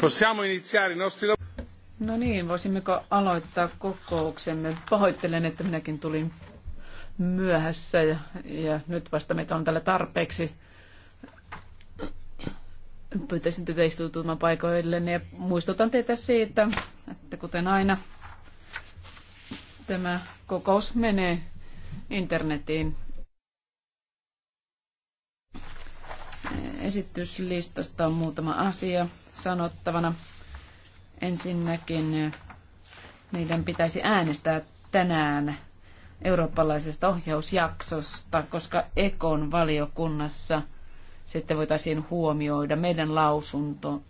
Possiamo iniziare i nostri No niin, voisimmeko aloittaa kokouksemme? Pahoittelen, että minäkin tulin myöhässä ja, ja nyt vasta meitä on täällä tarpeeksi. Pyytäisin teitä istutumaan paikoillenne ja muistutan teitä siitä, että kuten aina tämä kokous menee internetiin esityslistasta on muutama asia sanottavana. Ensinnäkin eh, meidän pitäisi äänestää tänään eurooppalaisesta ohjausjaksosta, koska Ekon valiokunnassa sitten voitaisiin huomioida meidän lausunto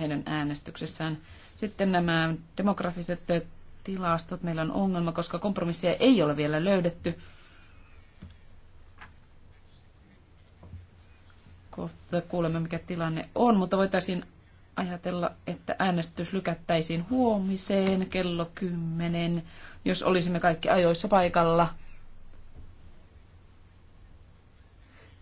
heidän äänestyksessään. Sitten nämä demografiset eh, tilastot, meillä on ongelma, koska kompromissia ei ole vielä löydetty kohta kuulemme, mikä tilanne on, mutta voitaisiin ajatella, että äänestys lykättäisiin huomiseen kello 10, jos olisimme kaikki ajoissa paikalla.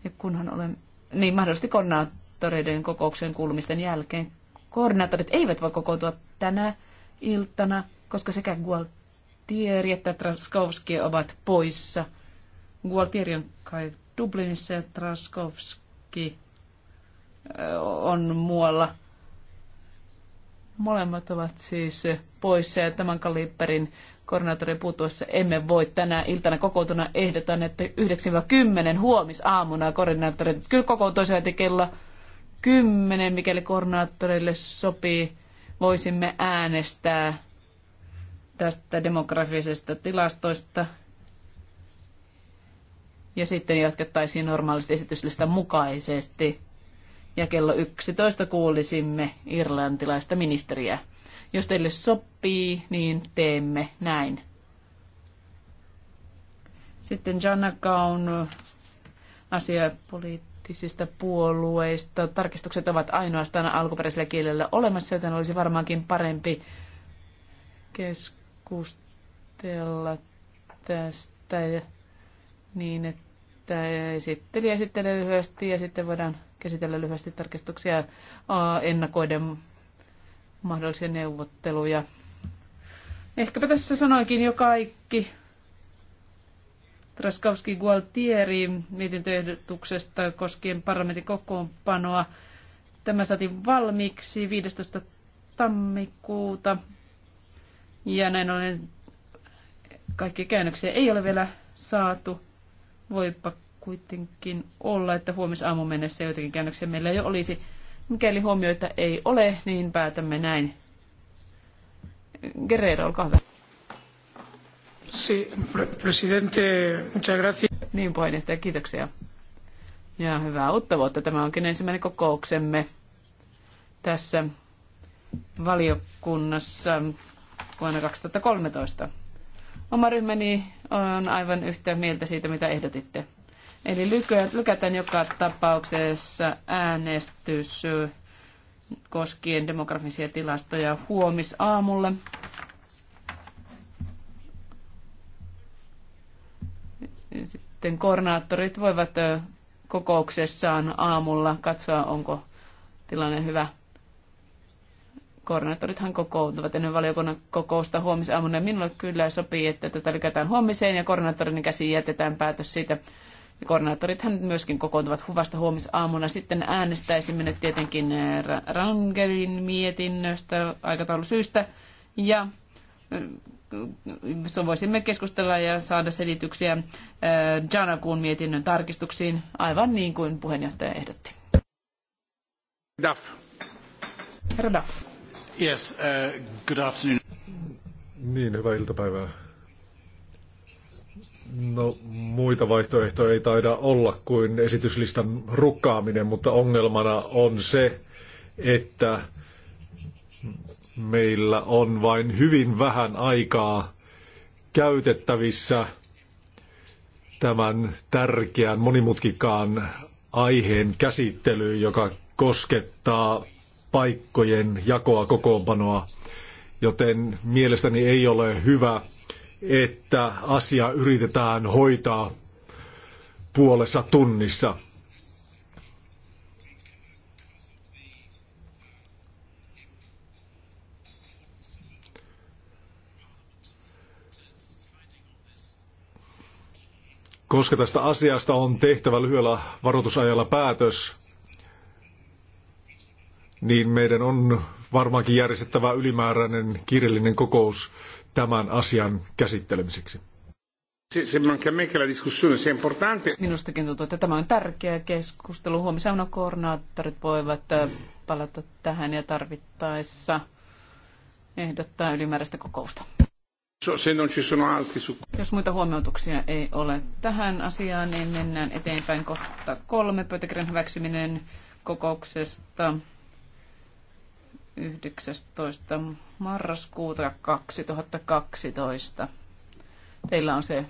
Ja kunhan olen, niin mahdollisesti koordinaattoreiden kokouksen kuulumisten jälkeen. Koordinaattorit eivät voi kokoutua tänä iltana, koska sekä Gualtieri että Traskowski ovat poissa. Gualtieri on kai Dublinissa ja Traskowski on muualla. Molemmat ovat siis poissa ja tämän kaliberin koordinaattorin puutuessa emme voi tänä iltana kokoutuna ehdotan, että 9-10 huomisaamuna koordinaattorit kyllä kokoontuisivat kello 10, mikäli koordinaattorille sopii, voisimme äänestää tästä demografisesta tilastoista. Ja sitten jatkettaisiin normaalisti esityslistan mukaisesti ja kello 11 kuulisimme irlantilaista ministeriä. Jos teille sopii, niin teemme näin. Sitten Janna Kaun asiapoliittisista poliittisista puolueista. Tarkistukset ovat ainoastaan alkuperäisellä kielellä olemassa, joten olisi varmaankin parempi keskustella tästä niin, että esittelijä esittelee lyhyesti ja sitten voidaan käsitellä lyhyesti tarkistuksia ennakoiden mahdollisia neuvotteluja. Ehkäpä tässä sanoinkin jo kaikki. Traskowski Gualtieri mietintöehdotuksesta koskien parlamentin kokoonpanoa. Tämä saatiin valmiiksi 15. tammikuuta. Ja näin ollen kaikki käännöksiä ei ole vielä saatu. Voipa kuitenkin olla, että huomisaamu mennessä joitakin käännöksiä meillä jo olisi. Mikäli huomioita ei ole, niin päätämme näin. Guerrero, olkaa hyvä. Sí, presidente, muchas gracias. Niin, puheenjohtaja, kiitoksia. Ja hyvää uutta vuotta. Tämä onkin ensimmäinen kokouksemme tässä valiokunnassa vuonna 2013. Oma ryhmäni on aivan yhtä mieltä siitä, mitä ehdotitte. Eli lykätään joka tapauksessa äänestys koskien demografisia tilastoja huomisaamulle. Sitten koordinaattorit voivat kokouksessaan aamulla katsoa, onko tilanne hyvä. Koordinaattorithan kokoontuvat ennen valiokunnan kokousta huomisaamuna. Minulle kyllä sopii, että tätä lykätään huomiseen ja koordinaattorin käsi jätetään päätös siitä Koordinaattorithan myöskin kokoontuvat huvasta huomisaamuna. Sitten äänestäisimme nyt tietenkin eh, Rangelin mietinnöstä aikataulusyistä. Ja eh, voisimme keskustella ja saada selityksiä eh, Janakuun mietinnön tarkistuksiin, aivan niin kuin puheenjohtaja ehdotti. Duff. Herra Duff. Yes, uh, good afternoon. Niin, hyvää iltapäivää. No, muita vaihtoehtoja ei taida olla kuin esityslistan rukkaaminen, mutta ongelmana on se, että meillä on vain hyvin vähän aikaa käytettävissä tämän tärkeän monimutkikaan aiheen käsittelyyn, joka koskettaa paikkojen jakoa kokoonpanoa, joten mielestäni ei ole hyvä että asia yritetään hoitaa puolessa tunnissa. Koska tästä asiasta on tehtävä lyhyellä varoitusajalla päätös, niin meidän on varmaankin järjestettävä ylimääräinen kirjallinen kokous tämän asian käsittelemiseksi. Minustakin tuntuu, että tämä on tärkeä keskustelu. Huomisauna koordinaattorit voivat äh, palata tähän ja tarvittaessa ehdottaa ylimääräistä kokousta. Jos muita huomautuksia ei ole tähän asiaan, niin mennään eteenpäin kohta kolme pöytäkirjan hyväksyminen kokouksesta. 19. marraskuuta 2012. Teillä on se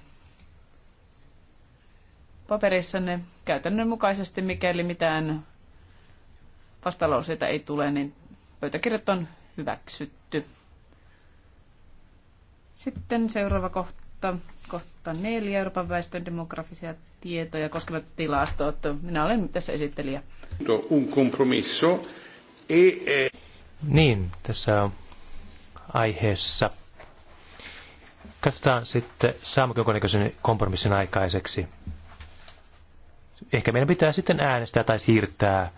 paperissanne käytännönmukaisesti, mikäli mitään vastalauseita ei tule, niin pöytäkirjat on hyväksytty. Sitten seuraava kohta, kohta neljä, Euroopan väestön demografisia tietoja koskevat tilastot. Minä olen tässä esittelijä. Un compromesso e, e... Niin, tässä on aiheessa. Katsotaan sitten, saammeko jonkunnäköisen kompromissin aikaiseksi. Ehkä meidän pitää sitten äänestää tai siirtää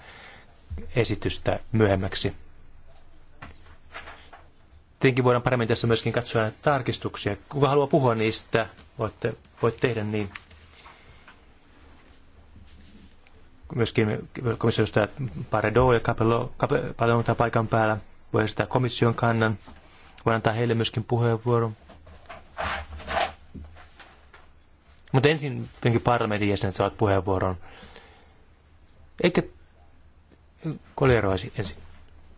esitystä myöhemmäksi. Tietenkin voidaan paremmin tässä myöskin katsoa tarkistuksia. Kuka haluaa puhua niistä, voitte, voit tehdä niin. myöskin komissiosta Paredo ja Capello, Capello paikan päällä. Voi esittää komission kannan. Voi antaa heille myöskin puheenvuoron. Mutta ensin parlamentin jäsenet saavat puheenvuoron. Eikä kolieroisi ensin.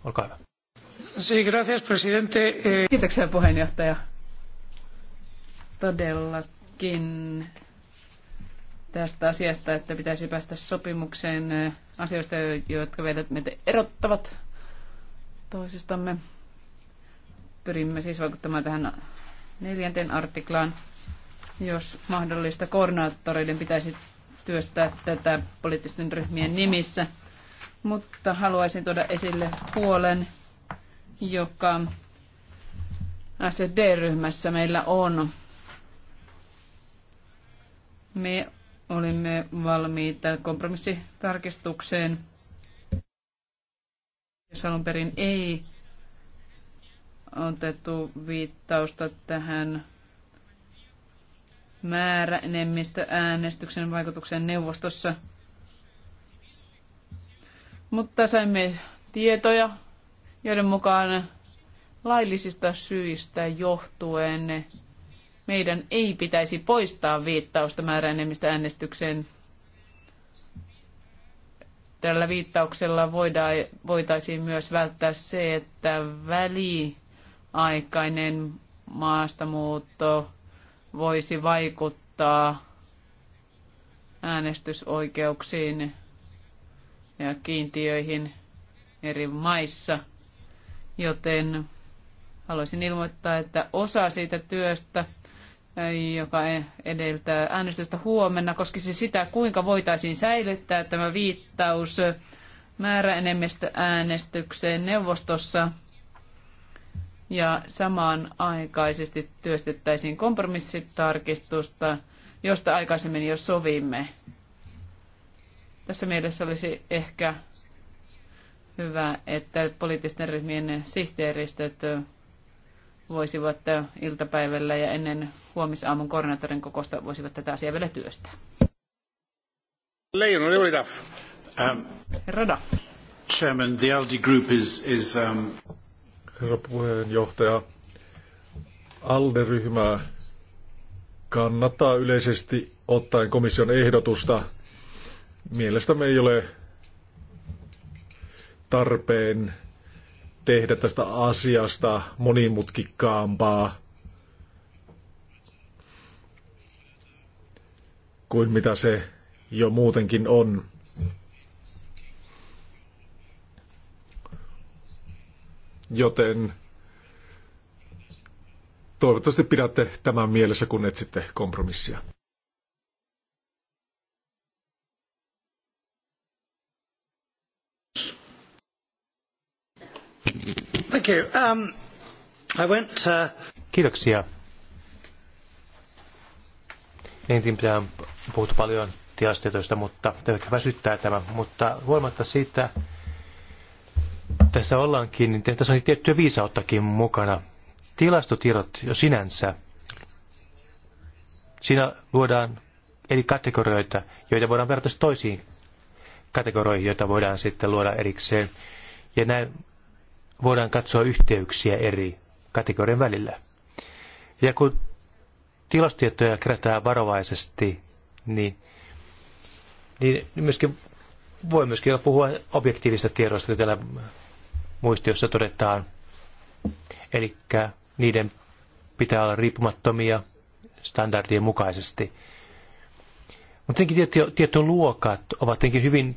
Olkaa hyvä. Sí, gracias, presidente. Eh, Kiitoksia puheenjohtaja. Todellakin tästä asiasta, että pitäisi päästä sopimukseen asioista, jotka meitä erottavat toisistamme. Pyrimme siis vaikuttamaan tähän neljänteen artiklaan. Jos mahdollista, koordinaattoreiden pitäisi työstää tätä poliittisten ryhmien nimissä. Mutta haluaisin tuoda esille huolen, joka SD-ryhmässä meillä on. Me olimme valmiita kompromissitarkistukseen, jos alun perin ei otettu viittausta tähän määräenemmistöäänestyksen vaikutukseen neuvostossa. Mutta saimme tietoja, joiden mukaan laillisista syistä johtuen meidän ei pitäisi poistaa viittausta määräenemmistä äänestykseen. Tällä viittauksella voidaan, voitaisiin myös välttää se, että väliaikainen maastamuutto voisi vaikuttaa äänestysoikeuksiin ja kiintiöihin eri maissa, joten haluaisin ilmoittaa, että osa siitä työstä – joka edeltää äänestystä huomenna, koskisi sitä, kuinka voitaisiin säilyttää tämä viittaus määräenemmistöäänestykseen neuvostossa ja samanaikaisesti työstettäisiin kompromissitarkistusta, josta aikaisemmin jo sovimme. Tässä mielessä olisi ehkä hyvä, että poliittisten ryhmien sihteeristöt voisivat iltapäivällä ja ennen huomisaamun koordinaattorin kokousta voisivat tätä asiaa vielä työstää. Leijon, oli Duff. Um, Herra Chairman, the ALDE group is, is um... Herra puheenjohtaja, ALDE-ryhmä kannattaa yleisesti ottaen komission ehdotusta. Mielestämme ei ole tarpeen tehdä tästä asiasta monimutkikkaampaa kuin mitä se jo muutenkin on. Joten toivottavasti pidätte tämän mielessä, kun etsitte kompromissia. Um, uh, Kiitoksia. Niinkin pitää on puhuttu paljon tilastotietoista, mutta ehkä väsyttää tämä. Mutta huolimatta siitä, tässä ollaankin, niin tässä on tiettyä viisauttakin mukana. Tilastotiedot jo sinänsä, siinä luodaan eri kategorioita, joita voidaan verrata toisiin kategorioihin, joita voidaan sitten luoda erikseen. Ja näin voidaan katsoa yhteyksiä eri kategorien välillä. Ja kun tilastietoja kerätään varovaisesti, niin, niin myöskin, voi myöskin puhua objektiivista tiedoista, kun täällä muistiossa todetaan. Eli niiden pitää olla riippumattomia standardien mukaisesti. Mutta tietyt luokat ovat hyvin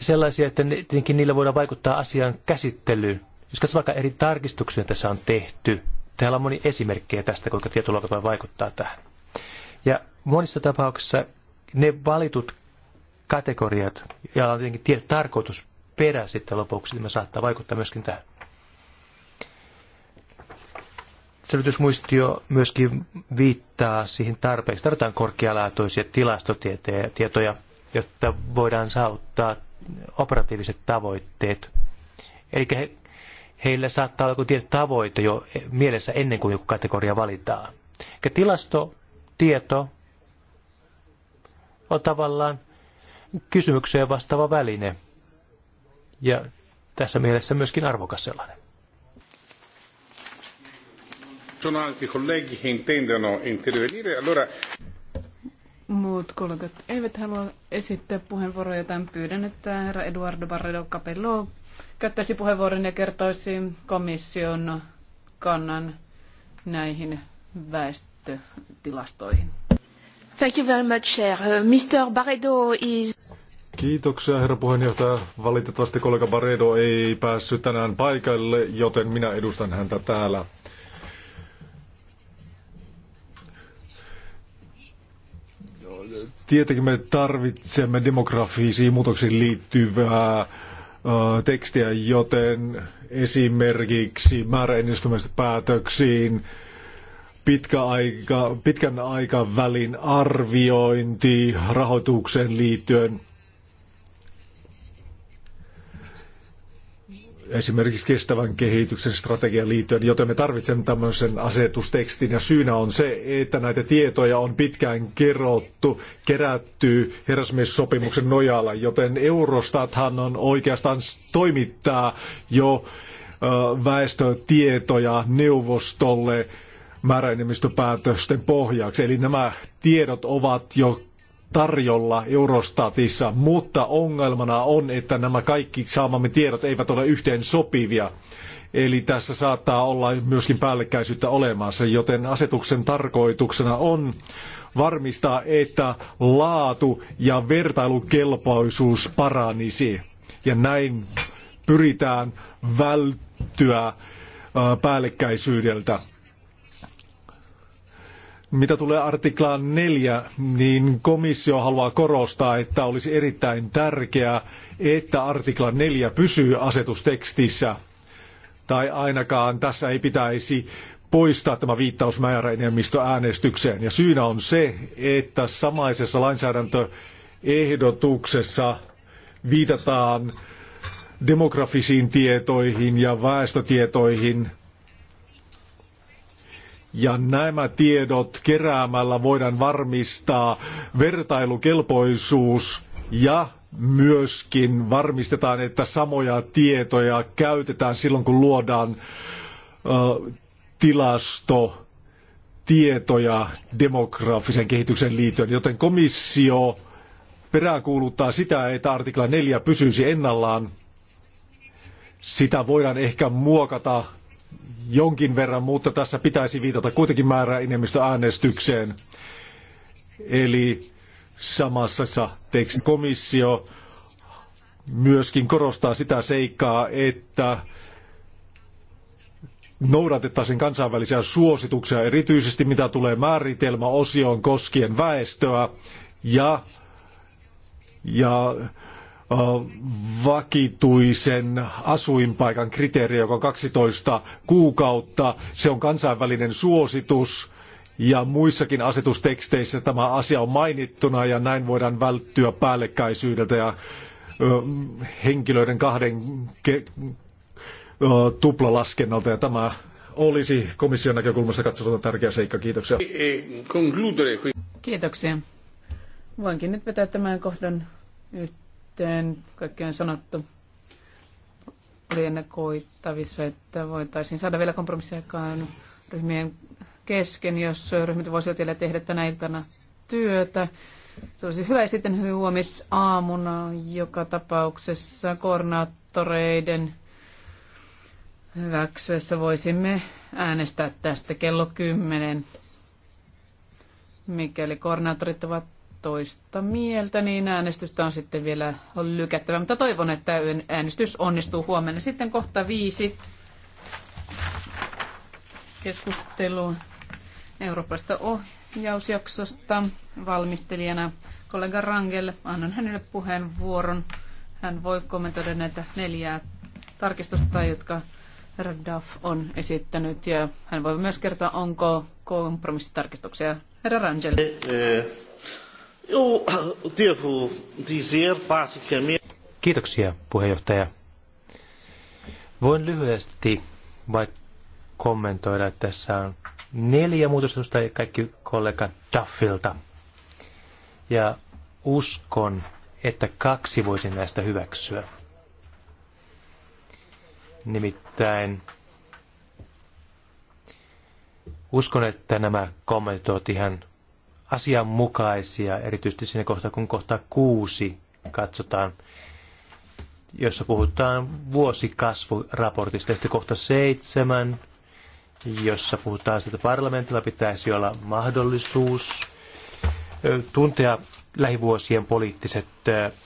sellaisia, että tietenkin niillä voidaan vaikuttaa asian käsittelyyn. Jos katsotaan vaikka eri tarkistuksia tässä on tehty, täällä on moni esimerkkejä tästä, kuinka tietoluokat voi vaikuttaa tähän. Ja monissa tapauksissa ne valitut kategoriat, ja on tietenkin tietty perä sitten lopuksi, niin saattaa vaikuttaa myöskin tähän. Selvitysmuistio myöskin viittaa siihen tarpeeksi. Tarvitaan korkealaatuisia tilastotietoja, jotta voidaan saavuttaa operatiiviset tavoitteet. Eli he, heillä saattaa olla joku tietty tavoite jo mielessä ennen kuin joku kategoria valitaan. Eli tilastotieto on tavallaan kysymykseen vastaava väline ja tässä mielessä myöskin arvokas sellainen. Sono altri colleghi che intendono intervenire, allora muut kollegat eivät halua esittää puheenvuoroja, joten pyydän, että herra Eduardo Barredo Capello käyttäisi puheenvuoron ja kertoisi komission kannan näihin väestötilastoihin. Thank you very much, sir. Uh, Mr. Barredo is... Kiitoksia, herra puheenjohtaja. Valitettavasti kollega Barredo ei päässyt tänään paikalle, joten minä edustan häntä täällä Tietenkin me tarvitsemme demografisiin muutoksiin liittyvää tekstiä, joten esimerkiksi määräenistymistä päätöksiin, pitkä aika, pitkän aikavälin arviointi rahoitukseen liittyen. esimerkiksi kestävän kehityksen strategian liittyen, joten me tarvitsemme tämmöisen asetustekstin ja syynä on se, että näitä tietoja on pitkään kerrottu, kerätty herrasmiessopimuksen nojalla, joten Eurostathan on oikeastaan toimittaa jo väestötietoja neuvostolle määräenemmistöpäätösten pohjaksi. Eli nämä tiedot ovat jo tarjolla Eurostatissa, mutta ongelmana on, että nämä kaikki saamamme tiedot eivät ole yhteen sopivia. Eli tässä saattaa olla myöskin päällekkäisyyttä olemassa, joten asetuksen tarkoituksena on varmistaa, että laatu ja vertailukelpoisuus paranisi. Ja näin pyritään välttyä päällekkäisyydeltä. Mitä tulee artiklaan 4, niin komissio haluaa korostaa, että olisi erittäin tärkeää, että artikla 4 pysyy asetustekstissä. Tai ainakaan tässä ei pitäisi poistaa tämä viittaus määräenemmistöäänestykseen. Ja syynä on se, että samaisessa lainsäädäntöehdotuksessa viitataan demografisiin tietoihin ja väestötietoihin – ja nämä tiedot keräämällä voidaan varmistaa vertailukelpoisuus ja myöskin varmistetaan, että samoja tietoja käytetään silloin, kun luodaan ö, tilasto tietoja demografisen kehityksen liittyen, joten komissio peräänkuuluttaa sitä, että artikla 4 pysyisi ennallaan. Sitä voidaan ehkä muokata jonkin verran, mutta tässä pitäisi viitata kuitenkin määrää enemmistöäänestykseen. Eli samassa tekstin komissio myöskin korostaa sitä seikkaa, että noudatettaisiin kansainvälisiä suosituksia, erityisesti mitä tulee määritelmäosioon koskien väestöä ja, ja vakituisen asuinpaikan kriteeri, joka on 12 kuukautta. Se on kansainvälinen suositus ja muissakin asetusteksteissä tämä asia on mainittuna ja näin voidaan välttyä päällekkäisyydeltä ja henkilöiden kahden ke- tuplalaskennalta ja tämä olisi komission näkökulmasta katsottuna tärkeä seikka. Kiitoksia. E, Kiitoksia. Voinkin nyt vetää tämän kohdan yhteen sitten Kaikki on sanottu. Oli että voitaisiin saada vielä kompromissiaikaan ryhmien kesken, jos ryhmät voisivat vielä tehdä tänä iltana työtä. Se olisi hyvä ja sitten huomisaamuna joka tapauksessa koordinaattoreiden hyväksyessä voisimme äänestää tästä kello 10. Mikäli koordinaattorit ovat toista mieltä, niin äänestystä on sitten vielä lykättävä. Mutta toivon, että äänestys onnistuu huomenna. Sitten kohta viisi keskustelu Euroopasta ohjausjaksosta valmistelijana kollega Rangel. Annan hänelle puheenvuoron. Hän voi kommentoida näitä neljää tarkistusta, jotka Radaf on esittänyt. Ja hän voi myös kertoa, onko kompromissitarkistuksia. Herra Rangel. Eh, eh. Kiitoksia, puheenjohtaja. Voin lyhyesti vai kommentoida, että tässä on neljä muutostusta kaikki kollega Duffilta. Ja uskon, että kaksi voisin näistä hyväksyä. Nimittäin uskon, että nämä kommentit ovat ihan asianmukaisia, erityisesti siinä kohtaa, kun kohta kuusi katsotaan, jossa puhutaan vuosikasvuraportista. Ja sitten kohta seitsemän, jossa puhutaan siitä, että parlamentilla pitäisi olla mahdollisuus tuntea lähivuosien poliittiset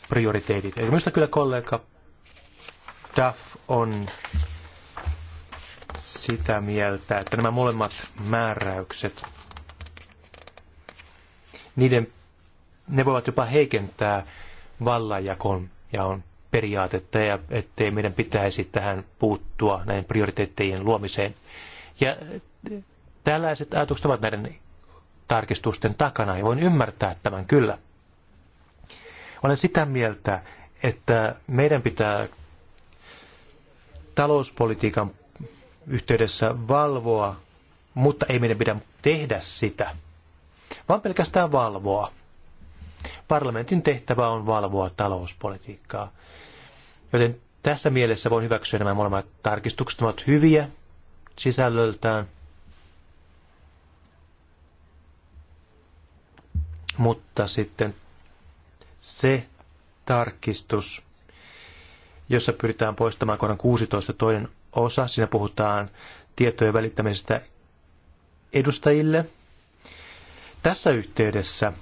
prioriteetit. Eli minusta kyllä kollega Duff on sitä mieltä, että nämä molemmat määräykset niiden, ne voivat jopa heikentää vallanjakon ja on periaatetta ja ettei meidän pitäisi tähän puuttua näiden prioriteettien luomiseen. Ja tällaiset ajatukset ovat näiden tarkistusten takana ja voin ymmärtää tämän kyllä. Olen sitä mieltä, että meidän pitää talouspolitiikan yhteydessä valvoa, mutta ei meidän pidä tehdä sitä – vaan pelkästään valvoa. Parlamentin tehtävä on valvoa talouspolitiikkaa. Joten tässä mielessä voin hyväksyä nämä molemmat tarkistukset. Ne ovat hyviä sisällöltään, mutta sitten se tarkistus, jossa pyritään poistamaan kohdan 16 toinen osa. Siinä puhutaan tietojen välittämisestä edustajille – tässä yhteydessä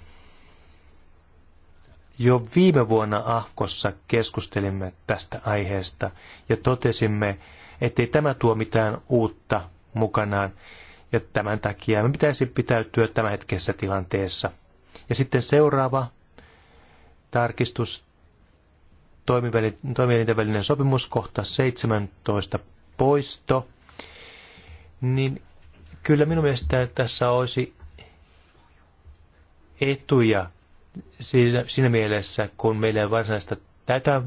jo viime vuonna Ahkossa keskustelimme tästä aiheesta ja totesimme, ettei tämä tuo mitään uutta mukanaan ja tämän takia me pitäisi pitäytyä hetkessä tilanteessa. Ja sitten seuraava tarkistus, toimielinten välinen sopimus, kohta 17 poisto, niin kyllä minun mielestäni tässä olisi etuja siinä, siinä mielessä, kun meillä ei varsinaista tätä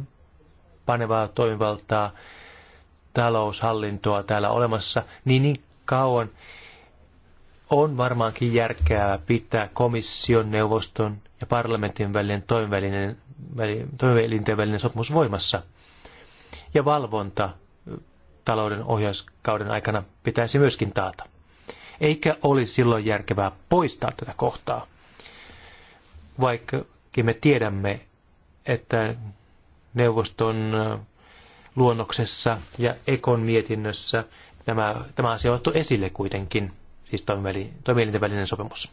panevaa toimivaltaa, taloushallintoa täällä olemassa, niin niin kauan on varmaankin järkeää pitää komission, neuvoston ja parlamentin välinen toimivälinen, välinen sopimus voimassa. Ja valvonta talouden ohjauskauden aikana pitäisi myöskin taata. Eikä olisi silloin järkevää poistaa tätä kohtaa vaikkakin me tiedämme, että neuvoston luonnoksessa ja Ekon mietinnössä tämä, tämä asia on otettu esille kuitenkin, siis toimielinten välinen sopimus.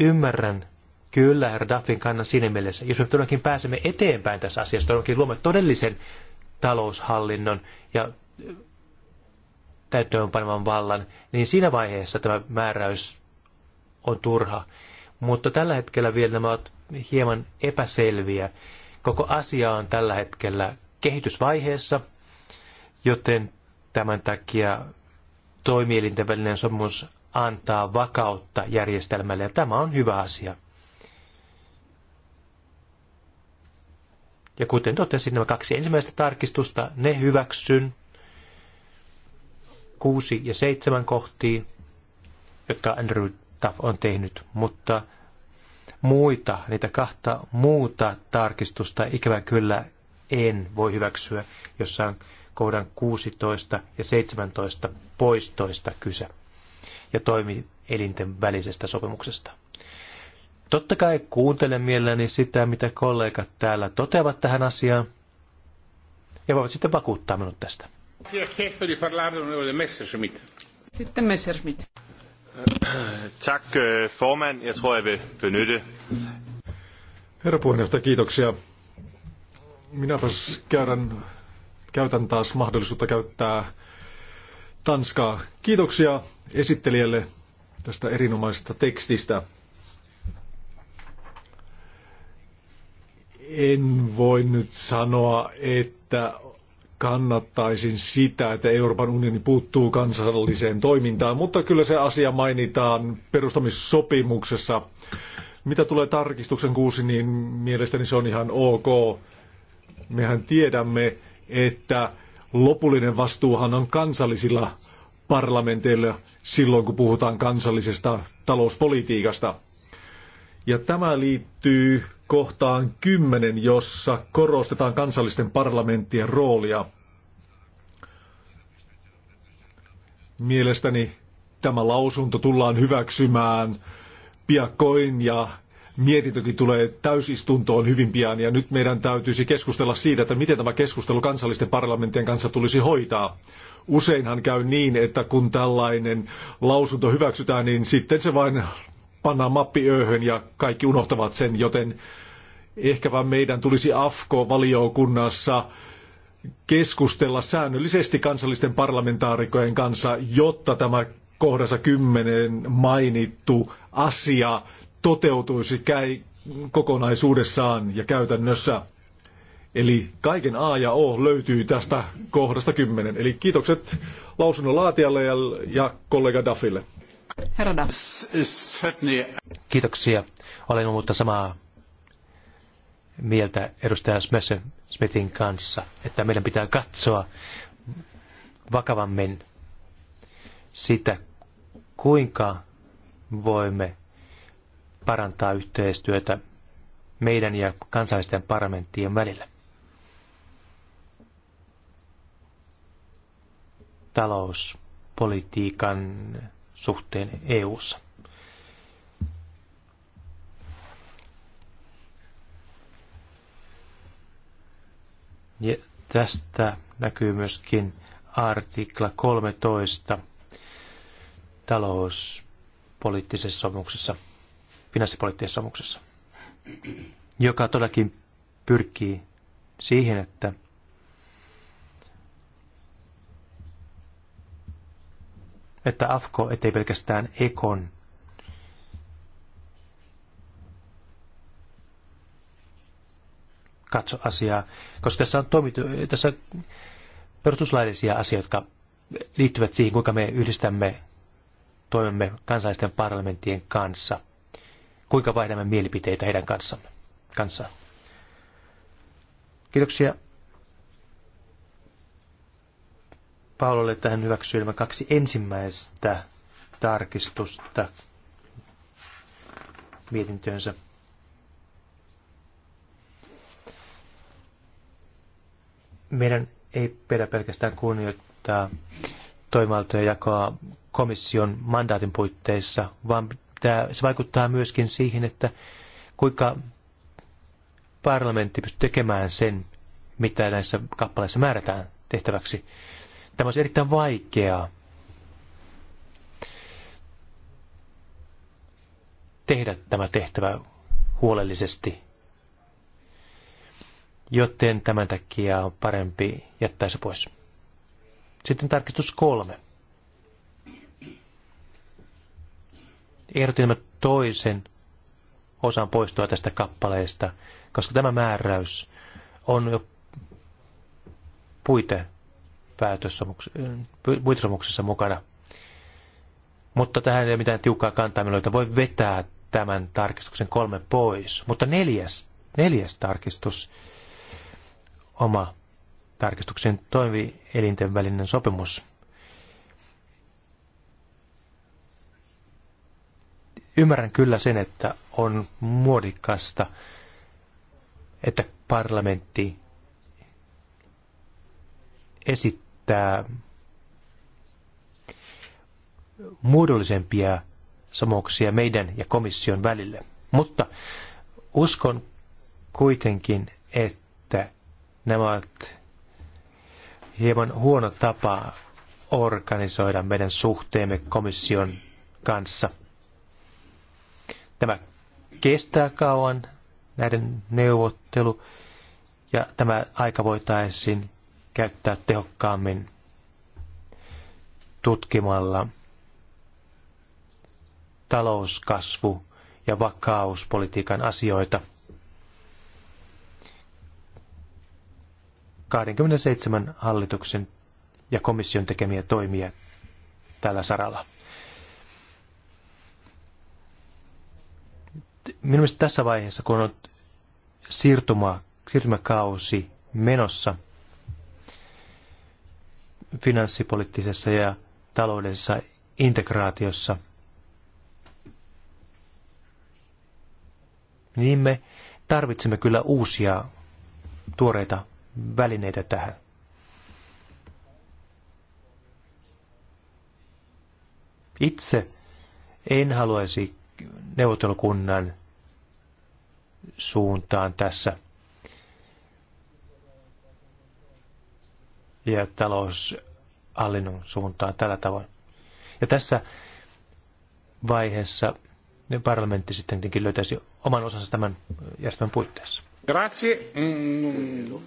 Ymmärrän kyllä herra Duffin kannan siinä mielessä, jos me todellakin pääsemme eteenpäin tässä asiassa, todellakin luomme todellisen taloushallinnon ja täyttöön panevan vallan, niin siinä vaiheessa tämä määräys on turha. Mutta tällä hetkellä vielä nämä ovat hieman epäselviä. Koko asia on tällä hetkellä kehitysvaiheessa, joten tämän takia toimielinten välinen sopimus antaa vakautta järjestelmälle, ja tämä on hyvä asia. Ja kuten totesin, nämä kaksi ensimmäistä tarkistusta, ne hyväksyn 6 ja 7 kohtiin, jotka Andrew Taff on tehnyt, mutta muita, niitä kahta muuta tarkistusta ikävä kyllä en voi hyväksyä, jossa on kohdan 16 ja 17 poistoista kyse ja elinten välisestä sopimuksesta. Totta kai kuuntelen mielelläni sitä, mitä kollegat täällä toteavat tähän asiaan ja voivat sitten vakuuttaa minut tästä. Sitten Messerschmidt. Tak, eh, formand. Jeg tror, jeg vil benytte. Herra puheenjohtaja, kiitoksia. Minäpäs käydän, käytän taas mahdollisuutta käyttää Tanskaa. Kiitoksia esittelijälle tästä erinomaisesta tekstistä. En voi nyt sanoa, että kannattaisin sitä, että Euroopan unioni puuttuu kansalliseen toimintaan, mutta kyllä se asia mainitaan perustamissopimuksessa. Mitä tulee tarkistuksen kuusi, niin mielestäni se on ihan ok. Mehän tiedämme, että lopullinen vastuuhan on kansallisilla parlamenteilla silloin, kun puhutaan kansallisesta talouspolitiikasta. Ja tämä liittyy kohtaan 10, jossa korostetaan kansallisten parlamenttien roolia. Mielestäni tämä lausunto tullaan hyväksymään piakkoin ja mietintökin tulee täysistuntoon hyvin pian ja nyt meidän täytyisi keskustella siitä, että miten tämä keskustelu kansallisten parlamenttien kanssa tulisi hoitaa. Useinhan käy niin, että kun tällainen lausunto hyväksytään, niin sitten se vain pannaan mappi ööhön ja kaikki unohtavat sen, joten ehkäpä meidän tulisi AFKO-valiokunnassa keskustella säännöllisesti kansallisten parlamentaarikojen kanssa, jotta tämä kohdassa kymmenen mainittu asia toteutuisi käy kokonaisuudessaan ja käytännössä. Eli kaiken A ja O löytyy tästä kohdasta 10. Eli kiitokset lausunnon laatijalle ja kollega Duffille. Herra Kiitoksia. Olen mutta samaa mieltä edustaja Smössö Smithin kanssa, että meidän pitää katsoa vakavammin sitä, kuinka voimme parantaa yhteistyötä meidän ja kansallisten parlamenttien välillä. Talouspolitiikan suhteen EU:ssa. Ja tästä näkyy myöskin artikla 13 talouspoliittisessa sopimuksessa, finanssipoliittisessa sopimuksessa, joka todellakin pyrkii siihen, että että AFKO, ettei pelkästään EKON. Katso asiaa, koska tässä on toimitu, tässä perustuslaillisia asioita, jotka liittyvät siihen, kuinka me yhdistämme toimemme kansallisten parlamenttien kanssa, kuinka vaihdamme mielipiteitä heidän kanssamme, kanssaan. Kiitoksia. Paololle, että hän hyväksyi nämä kaksi ensimmäistä tarkistusta mietintöönsä. Meidän ei pidä pelkästään kunnioittaa toimivaltojen jakoa komission mandaatin puitteissa, vaan tämä, se vaikuttaa myöskin siihen, että kuinka parlamentti pystyy tekemään sen, mitä näissä kappaleissa määrätään tehtäväksi. Tämä olisi erittäin vaikeaa tehdä tämä tehtävä huolellisesti, joten tämän takia on parempi jättää se pois. Sitten tarkistus kolme. Ehdotin toisen osan poistua tästä kappaleesta, koska tämä määräys on jo puite puitesomuksessa mukana. Mutta tähän ei ole mitään tiukkaa kantaa, milloin voi vetää tämän tarkistuksen kolme pois. Mutta neljäs, neljäs tarkistus, oma tarkistuksen toimi elinten välinen sopimus. Ymmärrän kyllä sen, että on muodikasta, että parlamentti esittää että muodollisempia samouksia meidän ja komission välille. Mutta uskon kuitenkin, että nämä ovat hieman huono tapa organisoida meidän suhteemme komission kanssa. Tämä kestää kauan, näiden neuvottelu, ja tämä aika voitaisiin käyttää tehokkaammin tutkimalla talouskasvu- ja vakauspolitiikan asioita. 27 hallituksen ja komission tekemiä toimia tällä saralla. Minun mielestä tässä vaiheessa, kun on siirtymä, siirtymäkausi menossa – finanssipoliittisessa ja taloudellisessa integraatiossa. Niin me tarvitsemme kyllä uusia tuoreita välineitä tähän. Itse en haluaisi neuvottelukunnan suuntaan tässä – ja taloushallinnon suuntaan tällä tavoin. Ja tässä vaiheessa parlamentti sitten löytäisi oman osansa tämän järjestelmän puitteissa. Grazie. Mm,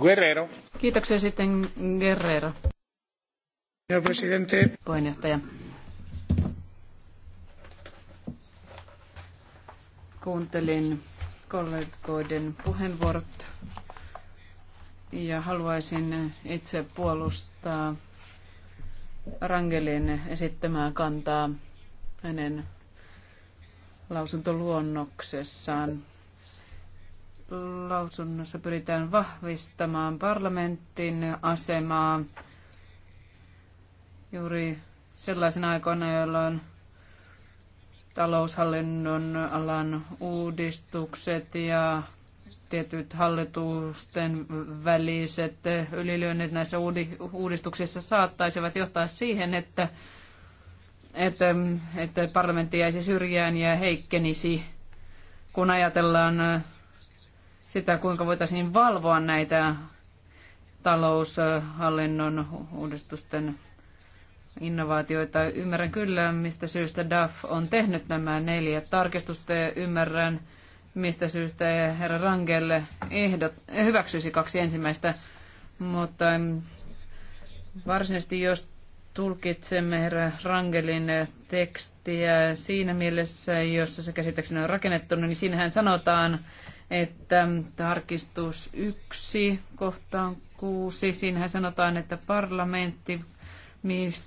Guerrero. Kiitoksia sitten Guerrero. Señor presidente. Puheenjohtaja. Kuuntelin kollegoiden puheenvuorot ja haluaisin itse puolustaa Rangelin esittämää kantaa hänen lausuntoluonnoksessaan. Lausunnossa pyritään vahvistamaan parlamentin asemaa juuri sellaisena aikoina, jolloin taloushallinnon alan uudistukset ja tietyt hallitusten väliset ylilyönnit näissä uudistuksissa saattaisivat johtaa siihen, että, että, että parlamentti jäisi syrjään ja heikkenisi, kun ajatellaan sitä, kuinka voitaisiin valvoa näitä taloushallinnon uudistusten innovaatioita. Ymmärrän kyllä, mistä syystä DAF on tehnyt nämä neljä tarkistusta ja ymmärrän, mistä syystä herra Rangelle ehdot, hyväksyisi kaksi ensimmäistä, mutta varsinaisesti jos tulkitsemme herra Rangelin tekstiä siinä mielessä, jossa se käsittääkseni on rakennettu, niin siinähän sanotaan, että tarkistus yksi kohtaan kuusi, siinähän sanotaan, että parlamentti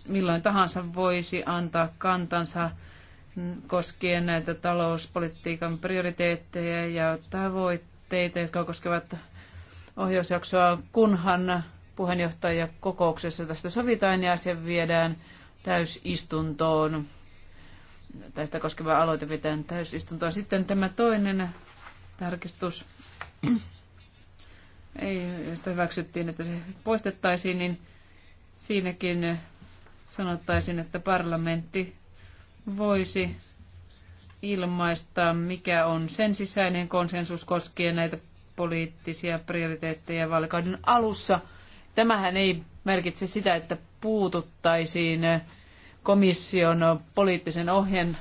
milloin tahansa voisi antaa kantansa koskien näitä talouspolitiikan prioriteetteja ja tavoitteita, jotka koskevat ohjausjaksoa, kunhan puheenjohtajakokouksessa tästä sovitaan ja se viedään täysistuntoon. Tästä koskeva aloite viedään täysistuntoon. Sitten tämä toinen tarkistus, ei, josta hyväksyttiin, että se poistettaisiin, niin siinäkin sanottaisin, että parlamentti voisi ilmaista, mikä on sen sisäinen konsensus koskien näitä poliittisia prioriteetteja vaalikauden alussa. Tämähän ei merkitse sitä, että puututtaisiin komission poliittisen ohjen eh,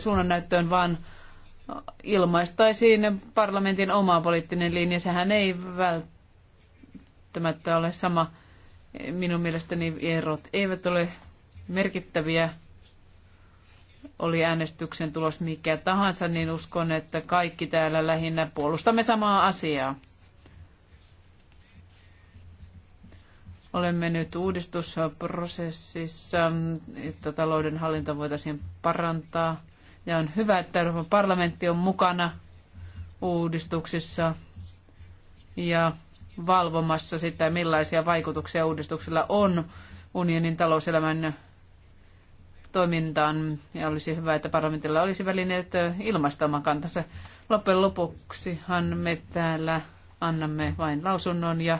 suunnannäyttöön, vaan ilmaistaisiin parlamentin oma poliittinen linja. Sehän ei välttämättä ole sama. Minun mielestäni erot eivät ole merkittäviä oli äänestyksen tulos mikä tahansa, niin uskon, että kaikki täällä lähinnä puolustamme samaa asiaa. Olemme nyt uudistusprosessissa, että talouden hallinta voitaisiin parantaa. Ja on hyvä, että Euroopan parlamentti on mukana uudistuksissa ja valvomassa sitä, millaisia vaikutuksia uudistuksilla on unionin talouselämän toimintaan ja olisi hyvä, että parlamentilla olisi välineet ilmaista oman kantansa. Loppujen lopuksihan me täällä annamme vain lausunnon ja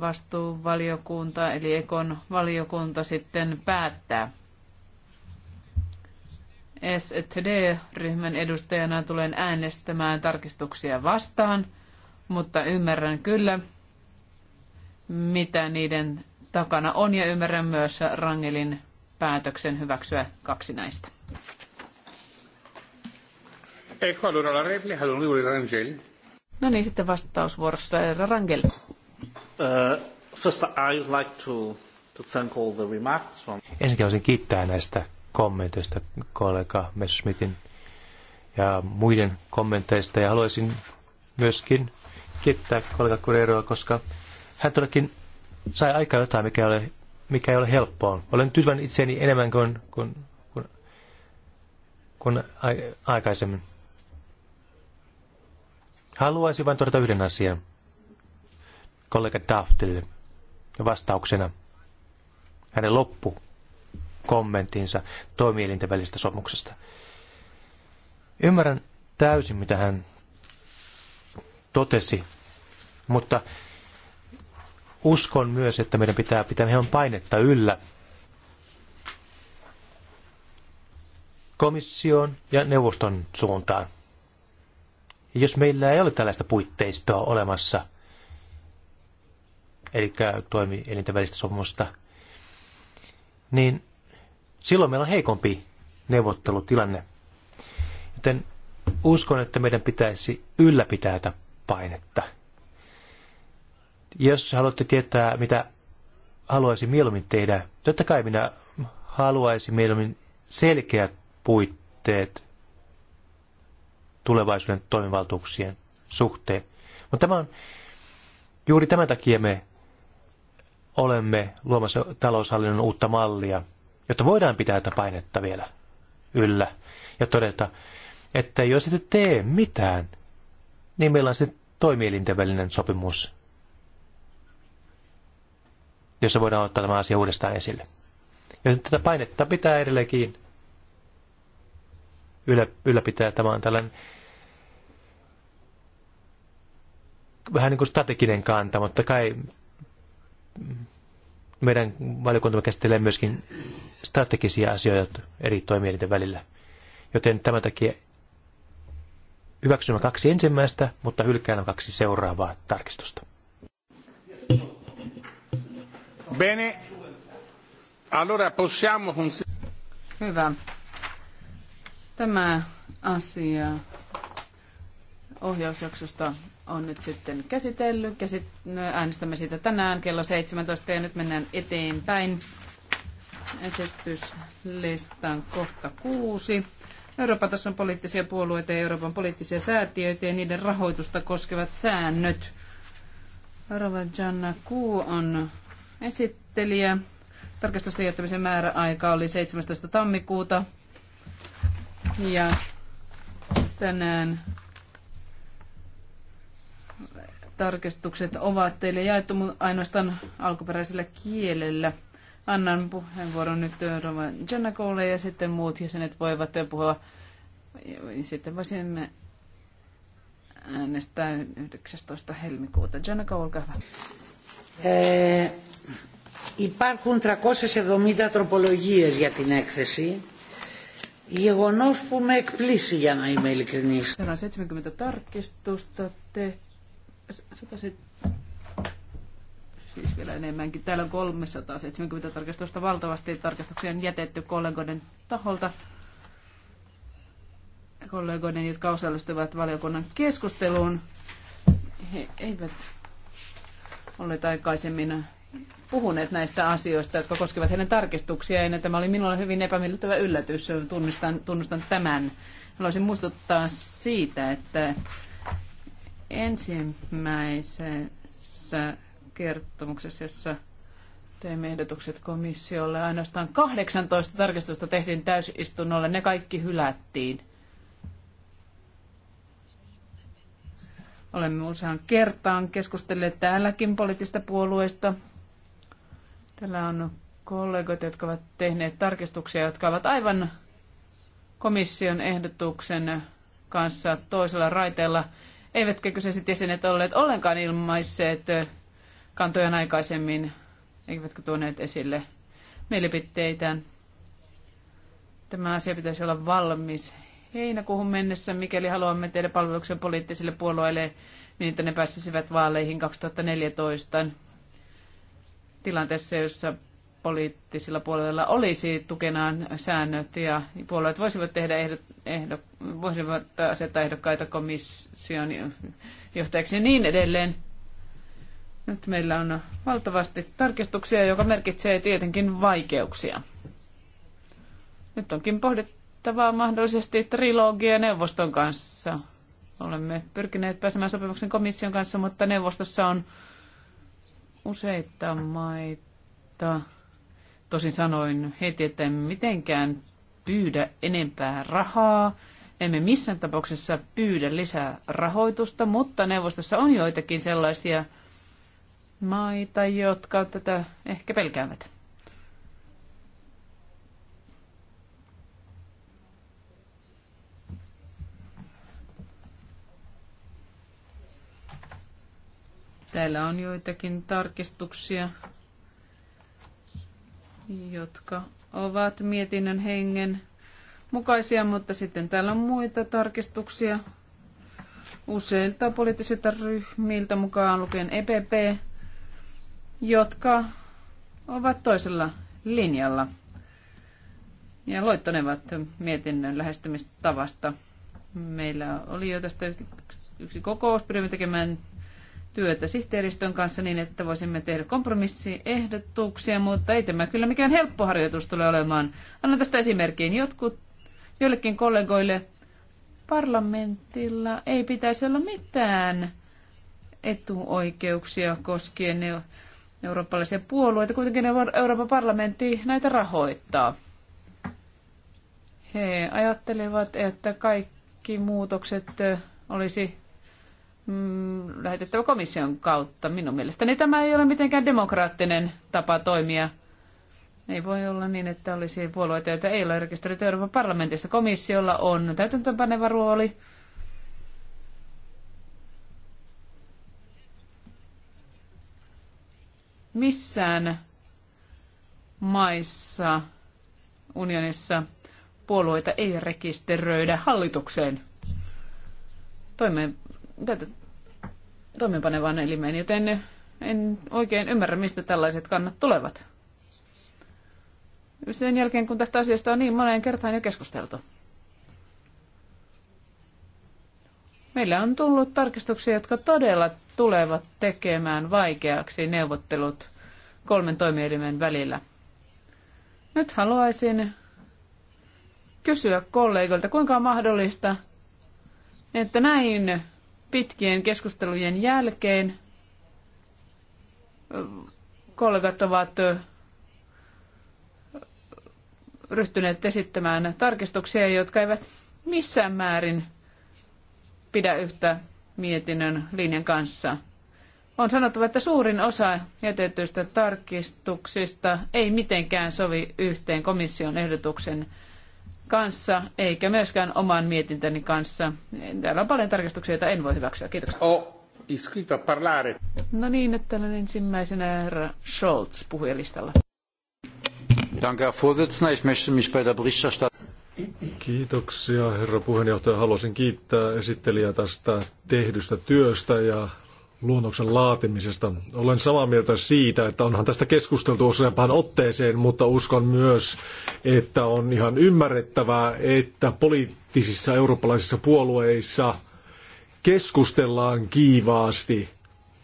vastuuvaliokunta eli Ekon valiokunta sitten päättää. SD-ryhmän edustajana tulen äänestämään tarkistuksia vastaan, mutta ymmärrän kyllä, mitä niiden takana on ja ymmärrän myös Rangelin päätöksen hyväksyä kaksi näistä. Ecco allora la replica all'onorevole Rangel. No niin, sitten vastausvuorossa herra Rangel. Uh, first I would like to, to thank all the remarks from... Ensinnäkin haluaisin kiittää näistä kommenteista kollega Messerschmittin ja muiden kommenteista ja haluaisin myöskin kiittää kollega Kureroa, koska hän todellakin sai aika jotain, mikä ole mikä ei ole helppoa. Olen tyytyväinen itseeni enemmän kuin, kuin, kuin, kuin aikaisemmin. Haluaisin vain todeta yhden asian kollega Daftille vastauksena hänen kommenttinsa toimielinten välisestä sopimuksesta. Ymmärrän täysin, mitä hän totesi, mutta uskon myös, että meidän pitää pitää hieman painetta yllä komission ja neuvoston suuntaan. Ja jos meillä ei ole tällaista puitteistoa olemassa, eli toimi välistä sopimusta, niin silloin meillä on heikompi neuvottelutilanne. Joten uskon, että meidän pitäisi ylläpitää tätä painetta. Jos haluatte tietää, mitä haluaisin mieluummin tehdä, totta kai minä haluaisin mieluummin selkeät puitteet tulevaisuuden toimivaltuuksien suhteen. Mutta tämä on, juuri tämän takia me olemme luomassa taloushallinnon uutta mallia, jotta voidaan pitää tätä painetta vielä yllä ja todeta, että jos ette tee mitään, niin meillä on se toimielinten välinen sopimus jossa voidaan ottaa tämä asia uudestaan esille. Joten tätä painetta pitää edelleenkin yllä, ylläpitää. Tämä on tällainen vähän niin kuin strateginen kanta, mutta kai meidän valiokuntamme käsittelee myöskin strategisia asioita eri toimielinten välillä. Joten tämän takia hyväksymme kaksi ensimmäistä, mutta hylkäämme kaksi seuraavaa tarkistusta. Yes. Bene. Allora possiamo... Hyvä. Tämä asia ohjausjaksosta on nyt sitten käsitellyt. Käsit, no, äänestämme siitä tänään kello 17 ja nyt mennään eteenpäin. Esityslistan kohta kuusi. Euroopan tason poliittisia puolueita ja Euroopan poliittisia säätiöitä ja niiden rahoitusta koskevat säännöt. Arva Janna on esittelijä. Tarkastusten jättämisen määräaika oli 17. tammikuuta. Ja tänään tarkistukset ovat teille jaettu ainoastaan alkuperäisellä kielellä. Annan puheenvuoron nyt Rovan Janakolle ja sitten muut jäsenet voivat puhua. Sitten voisimme äänestää 19. helmikuuta. Janako, olkaa hyvä. Eh, Υπάρχουν 370 τροπολογίες για την έκθεση. Γεγονός που με εκπλήσει για να είμαι ειλικρινής. siis vielä enemmänkin. Täällä on 370 tarkastusta valtavasti tarkastuksia on jätetty kollegoiden taholta. Kollegoiden, jotka osallistuvat valiokunnan keskusteluun, he eivät olleet aikaisemmin puhuneet näistä asioista, jotka koskevat heidän tarkistuksiaan. Ja tämä oli minulle hyvin epämiellyttävä yllätys. Tunnistan, tunnustan tämän. Haluaisin muistuttaa siitä, että ensimmäisessä kertomuksessa, jossa teimme ehdotukset komissiolle, ainoastaan 18 tarkistusta tehtiin täysistunnolle. Ne kaikki hylättiin. Olemme usean kertaan keskustelleet täälläkin poliittista puolueista, Täällä on kollegoita, jotka ovat tehneet tarkistuksia, jotka ovat aivan komission ehdotuksen kanssa toisella raiteella, eivätkä kyseiset jäsenet olleet ollenkaan ilmaisseet kantojen aikaisemmin, eivätkä tuoneet esille mielipiteitään. Tämä asia pitäisi olla valmis heinäkuuhun mennessä, mikäli haluamme tehdä palveluksen poliittisille puolueille niin, että ne pääsisivät vaaleihin 2014 tilanteessa, jossa poliittisilla puolueilla olisi tukenaan säännöt ja puolueet voisivat tehdä ehdot, ehdo, voisivat asettaa ehdokkaita komission johtajaksi ja niin edelleen. Nyt meillä on valtavasti tarkistuksia, joka merkitsee tietenkin vaikeuksia. Nyt onkin pohdittavaa mahdollisesti trilogia neuvoston kanssa. Olemme pyrkineet pääsemään sopimuksen komission kanssa, mutta neuvostossa on useita maita. Tosin sanoin heti, että emme mitenkään pyydä enempää rahaa. Emme missään tapauksessa pyydä lisää rahoitusta, mutta neuvostossa on joitakin sellaisia maita, jotka tätä ehkä pelkäävät. Täällä on joitakin tarkistuksia, jotka ovat mietinnön hengen mukaisia, mutta sitten täällä on muita tarkistuksia useilta poliittisilta ryhmiltä, mukaan lukien EPP, jotka ovat toisella linjalla ja loittonevat mietinnön lähestymistavasta. Meillä oli jo tästä yksi kokous, pyrimme tekemään työtä sihteeristön kanssa niin, että voisimme tehdä kompromissiehdotuksia, mutta ei tämä kyllä mikään helppo harjoitus tule olemaan. Annan tästä esimerkkiin, Jotkut, joillekin kollegoille parlamentilla ei pitäisi olla mitään etuoikeuksia koskien ne eurooppalaisia puolueita. Kuitenkin Euroopan parlamentti näitä rahoittaa. He ajattelevat, että kaikki muutokset olisi Mm, lähetettävä komission kautta. Minun mielestäni tämä ei ole mitenkään demokraattinen tapa toimia. Ei voi olla niin, että olisi puolueita, joita ei ole rekisteröity Euroopan parlamentissa. Komissiolla on täytäntöönpaneva rooli. Missään maissa unionissa puolueita ei rekisteröidä hallitukseen. Toimeen tätä toimeenpanevaan elimeen, joten en oikein ymmärrä, mistä tällaiset kannat tulevat. Sen jälkeen, kun tästä asiasta on niin moneen kertaan jo keskusteltu. Meillä on tullut tarkistuksia, jotka todella tulevat tekemään vaikeaksi neuvottelut kolmen toimielimen välillä. Nyt haluaisin kysyä kollegoilta, kuinka on mahdollista, että näin pitkien keskustelujen jälkeen kollegat ovat ryhtyneet esittämään tarkistuksia, jotka eivät missään määrin pidä yhtä mietinnön linjan kanssa. On sanottava, että suurin osa jätetyistä tarkistuksista ei mitenkään sovi yhteen komission ehdotuksen kanssa, eikä myöskään oman mietintäni kanssa. Täällä on paljon tarkistuksia, joita en voi hyväksyä. Kiitoksia. Oh, parlare. No niin, nyt täällä on ensimmäisenä herra Scholz puhujalistalla. Danke, Vorsitzender. Ich möchte mich bei der Berichterstattung Kiitoksia herra puheenjohtaja. Haluaisin kiittää esittelijää tästä tehdystä työstä ja luonnoksen laatimisesta. Olen samaa mieltä siitä, että onhan tästä keskusteltu useampaan otteeseen, mutta uskon myös, että on ihan ymmärrettävää, että poliittisissa eurooppalaisissa puolueissa keskustellaan kiivaasti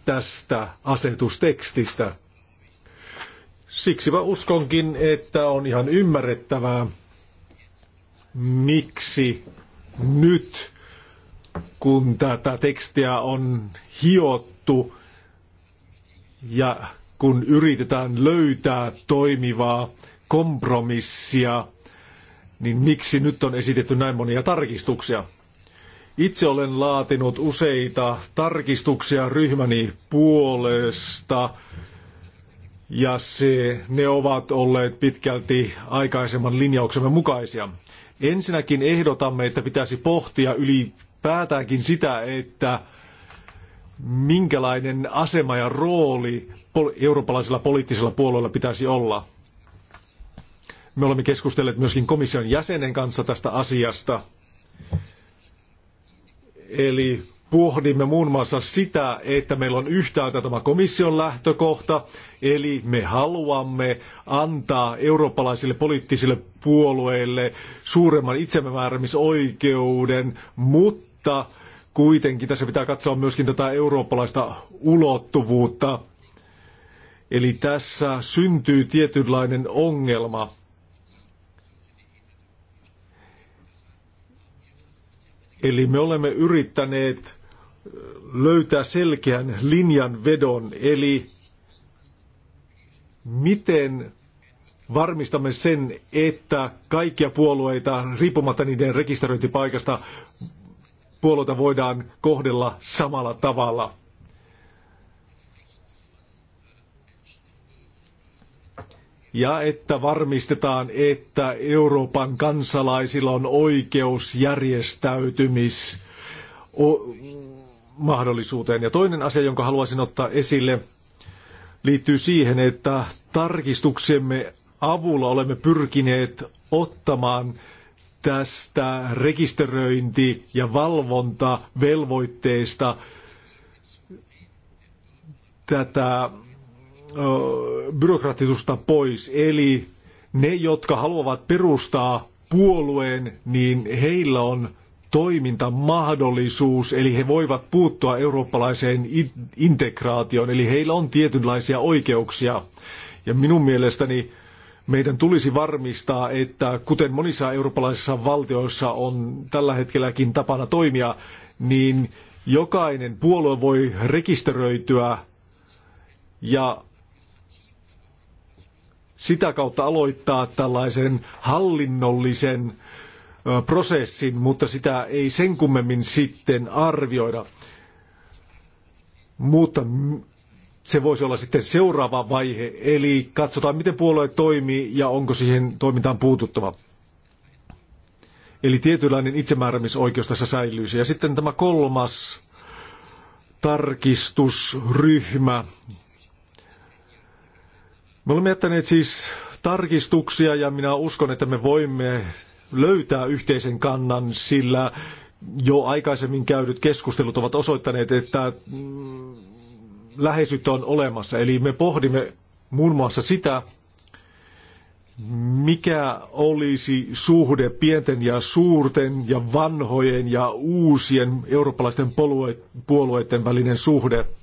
tästä asetustekstistä. Siksi mä uskonkin, että on ihan ymmärrettävää, miksi nyt kun tätä tekstiä on hiottu ja kun yritetään löytää toimivaa kompromissia, niin miksi nyt on esitetty näin monia tarkistuksia? Itse olen laatinut useita tarkistuksia ryhmäni puolesta ja se, ne ovat olleet pitkälti aikaisemman linjauksemme mukaisia. Ensinnäkin ehdotamme, että pitäisi pohtia yli päätäänkin sitä, että minkälainen asema ja rooli eurooppalaisilla poliittisilla puolueilla pitäisi olla. Me olemme keskustelleet myöskin komission jäsenen kanssa tästä asiasta. Eli pohdimme muun muassa sitä, että meillä on yhtäältä tämä komission lähtökohta, eli me haluamme antaa eurooppalaisille poliittisille puolueille suuremman itsemääräämisoikeuden, mutta kuitenkin tässä pitää katsoa myöskin tätä eurooppalaista ulottuvuutta. Eli tässä syntyy tietynlainen ongelma. Eli me olemme yrittäneet löytää selkeän linjanvedon, eli miten varmistamme sen, että kaikkia puolueita, riippumatta niiden rekisteröintipaikasta, puolueita voidaan kohdella samalla tavalla. Ja että varmistetaan, että Euroopan kansalaisilla on oikeus järjestäytymis mahdollisuuteen. Ja toinen asia, jonka haluaisin ottaa esille, liittyy siihen, että tarkistuksemme avulla olemme pyrkineet ottamaan tästä rekisteröinti- ja valvontavelvoitteesta tätä byrokratitusta pois. Eli ne, jotka haluavat perustaa puolueen, niin heillä on toimintamahdollisuus, eli he voivat puuttua eurooppalaiseen integraatioon, eli heillä on tietynlaisia oikeuksia. Ja minun mielestäni meidän tulisi varmistaa, että kuten monissa eurooppalaisissa valtioissa on tällä hetkelläkin tapana toimia, niin jokainen puolue voi rekisteröityä ja sitä kautta aloittaa tällaisen hallinnollisen äh, prosessin, mutta sitä ei sen kummemmin sitten arvioida. Mutta se voisi olla sitten seuraava vaihe, eli katsotaan miten puolue toimii ja onko siihen toimintaan puututtava. Eli tietynlainen itsemääräämisoikeus tässä säilyisi. Ja sitten tämä kolmas tarkistusryhmä. Me olemme jättäneet siis tarkistuksia ja minä uskon, että me voimme löytää yhteisen kannan, sillä jo aikaisemmin käydyt keskustelut ovat osoittaneet, että mm, läheisyyttä on olemassa. Eli me pohdimme muun muassa sitä, mikä olisi suhde pienten ja suurten ja vanhojen ja uusien eurooppalaisten puolueiden välinen suhde –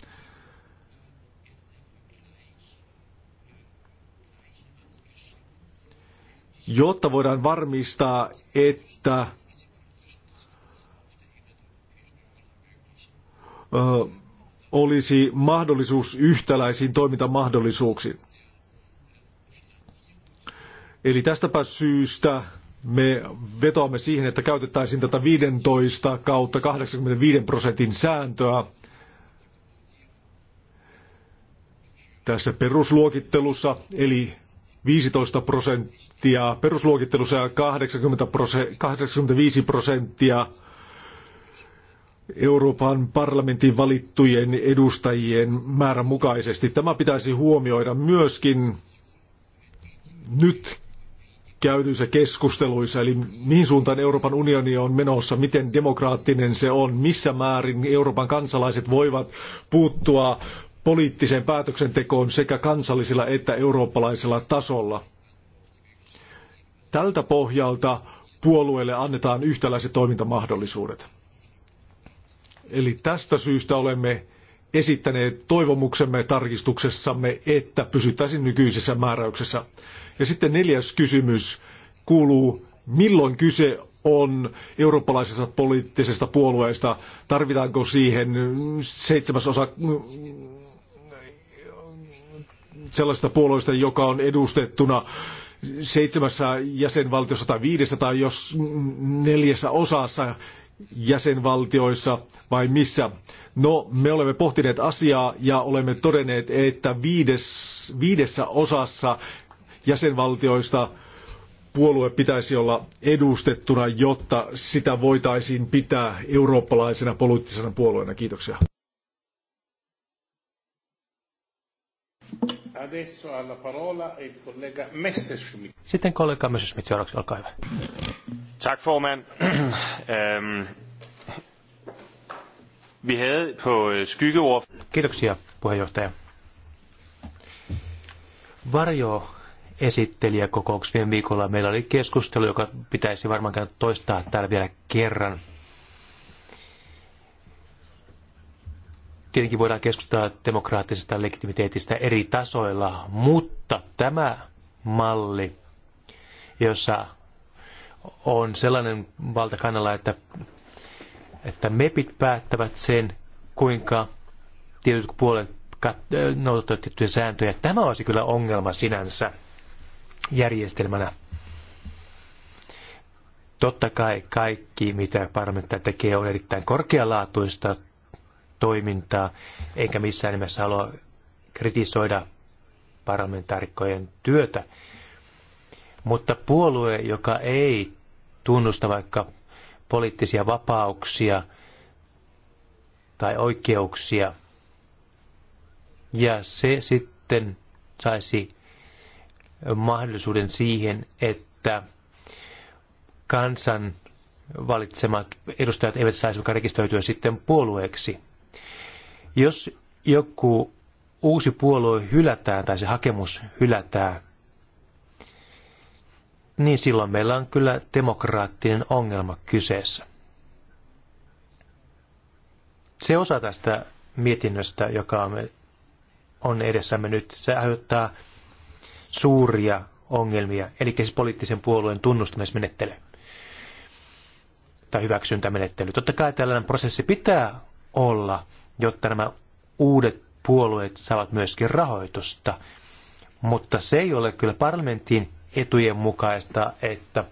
jotta voidaan varmistaa, että olisi mahdollisuus yhtäläisiin toimintamahdollisuuksiin. Eli tästäpä syystä me vetoamme siihen, että käytettäisiin tätä 15 kautta 85 prosentin sääntöä tässä perusluokittelussa, eli 15 prosenttia perusluokittelussa ja 80 prosenttia, 85 prosenttia Euroopan parlamentin valittujen edustajien määrän mukaisesti. Tämä pitäisi huomioida myöskin nyt käydyissä keskusteluissa, eli mihin suuntaan Euroopan unioni on menossa, miten demokraattinen se on, missä määrin Euroopan kansalaiset voivat puuttua poliittiseen päätöksentekoon sekä kansallisella että eurooppalaisella tasolla. Tältä pohjalta puolueille annetaan yhtäläiset toimintamahdollisuudet. Eli tästä syystä olemme esittäneet toivomuksemme tarkistuksessamme, että pysyttäisiin nykyisessä määräyksessä. Ja sitten neljäs kysymys kuuluu, milloin kyse on eurooppalaisesta poliittisesta puolueesta, tarvitaanko siihen seitsemäsosa sellaisista puolueista, joka on edustettuna seitsemässä jäsenvaltiossa tai viidessä tai jos neljässä osassa jäsenvaltioissa vai missä? No, me olemme pohtineet asiaa ja olemme todenneet, että viides, viidessä osassa jäsenvaltioista puolue pitäisi olla edustettuna, jotta sitä voitaisiin pitää eurooppalaisena poliittisena puolueena. Kiitoksia. Adesso alla parola il collega Messerschmidt. Sitten kollega Messerschmidt seuraavaksi, olkaa hyvä. Tack formand. øhm, vi havde på øh, skyggeord... Kiitoksia puheenjohtaja. Varjo esittelijäkokouksien viikolla meillä oli keskustelu, joka pitäisi varmaan toistaa täällä vielä kerran – tietenkin voidaan keskustella demokraattisesta legitimiteetistä eri tasoilla, mutta tämä malli, jossa on sellainen valta kannalla, että, että MEPit päättävät sen, kuinka tietyt puolet noudattavat tiettyjä sääntöjä. Tämä olisi kyllä ongelma sinänsä järjestelmänä. Totta kai kaikki, mitä parlamentti tekee, on erittäin korkealaatuista toimintaa, enkä missään nimessä halua kritisoida parlamentaarikkojen työtä. Mutta puolue, joka ei tunnusta vaikka poliittisia vapauksia tai oikeuksia, ja se sitten saisi mahdollisuuden siihen, että kansan valitsemat edustajat eivät saisi rekisteröityä sitten puolueeksi jos joku uusi puolue hylätään tai se hakemus hylätään, niin silloin meillä on kyllä demokraattinen ongelma kyseessä. Se osa tästä mietinnöstä, joka on edessämme nyt, se aiheuttaa suuria ongelmia, eli siis poliittisen puolueen tunnustamismenettely tai hyväksyntämenettely. Totta kai tällainen prosessi pitää olla, jotta nämä uudet puolueet saavat myöskin rahoitusta. Mutta se ei ole kyllä parlamentin etujen mukaista, että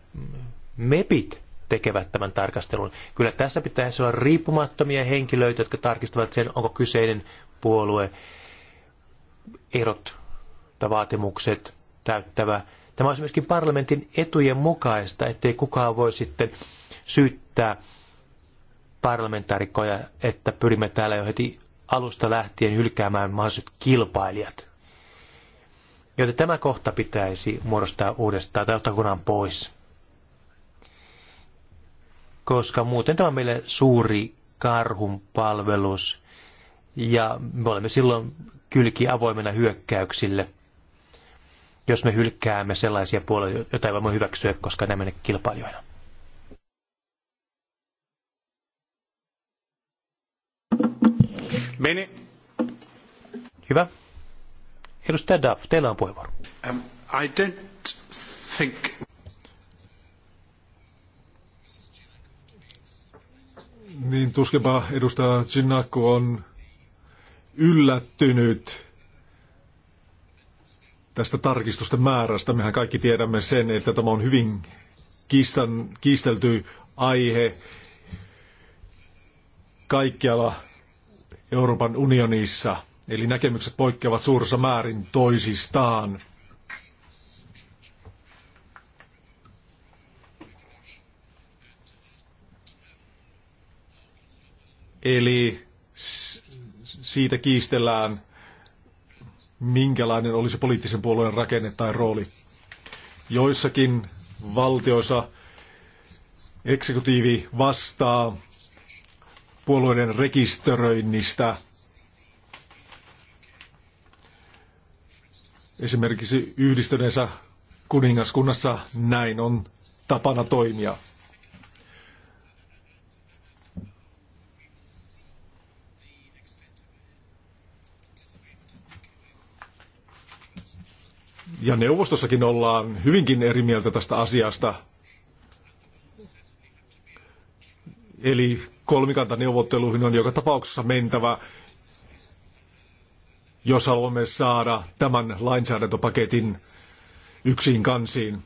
MEPit tekevät tämän tarkastelun. Kyllä tässä pitäisi olla riippumattomia henkilöitä, jotka tarkistavat sen, onko kyseinen puolue erot tai vaatimukset täyttävä. Tämä olisi myöskin parlamentin etujen mukaista, ettei kukaan voi sitten syyttää parlamentaarikkoja, että pyrimme täällä jo heti alusta lähtien hylkäämään mahdolliset kilpailijat. Joten tämä kohta pitäisi muodostaa uudestaan tai ottaa kunnan pois. Koska muuten tämä on meille suuri karhun palvelus ja me olemme silloin kylki avoimena hyökkäyksille, jos me hylkäämme sellaisia puolia, joita ei voimme hyväksyä, koska nämä menevät kilpailijoina. Bene. Hyvä. Edustaja Duff, teillä on puheenvuoro. Um, I don't think... Niin tuskepa. edustaja Ginnakko on yllättynyt tästä tarkistusten määrästä. Mehän kaikki tiedämme sen, että tämä on hyvin kiistan, kiistelty aihe kaikkialla Euroopan unionissa. Eli näkemykset poikkeavat suuressa määrin toisistaan. Eli siitä kiistellään, minkälainen olisi poliittisen puolueen rakenne tai rooli. Joissakin valtioissa eksekutiivi vastaa puolueiden rekisteröinnistä. Esimerkiksi yhdistyneessä kuningaskunnassa näin on tapana toimia. Ja neuvostossakin ollaan hyvinkin eri mieltä tästä asiasta. Eli kolmikantaneuvotteluihin on joka tapauksessa mentävä, jos haluamme saada tämän lainsäädäntöpaketin yksiin kansiin.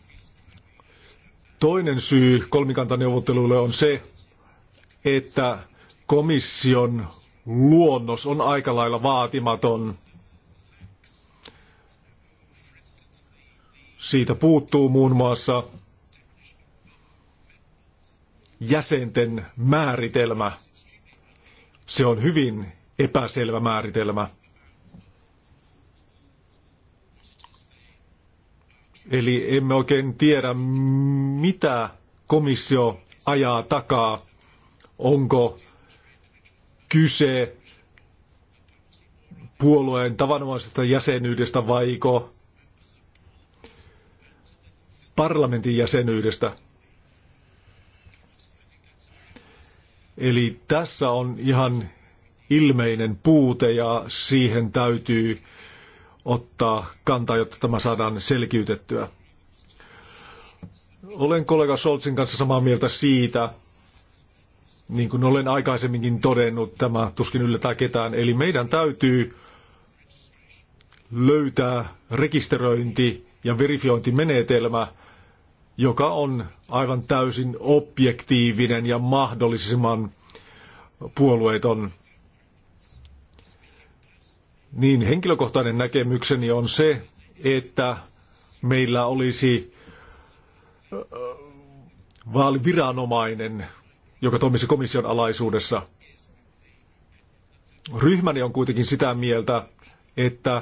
Toinen syy kolmikantaneuvotteluille on se, että komission luonnos on aika lailla vaatimaton. Siitä puuttuu muun muassa jäsenten määritelmä. Se on hyvin epäselvä määritelmä. Eli emme oikein tiedä, mitä komissio ajaa takaa. Onko kyse puolueen tavanomaisesta jäsenyydestä vaiko parlamentin jäsenyydestä? Eli tässä on ihan ilmeinen puute ja siihen täytyy ottaa kantaa, jotta tämä saadaan selkiytettyä. Olen kollega Scholzin kanssa samaa mieltä siitä, niin kuin olen aikaisemminkin todennut, tämä tuskin yllättää ketään. Eli meidän täytyy löytää rekisteröinti ja verifiointimenetelmä, joka on aivan täysin objektiivinen ja mahdollisimman puolueeton. Niin henkilökohtainen näkemykseni on se, että meillä olisi äh, vaaliviranomainen, joka toimisi komission alaisuudessa. Ryhmäni on kuitenkin sitä mieltä, että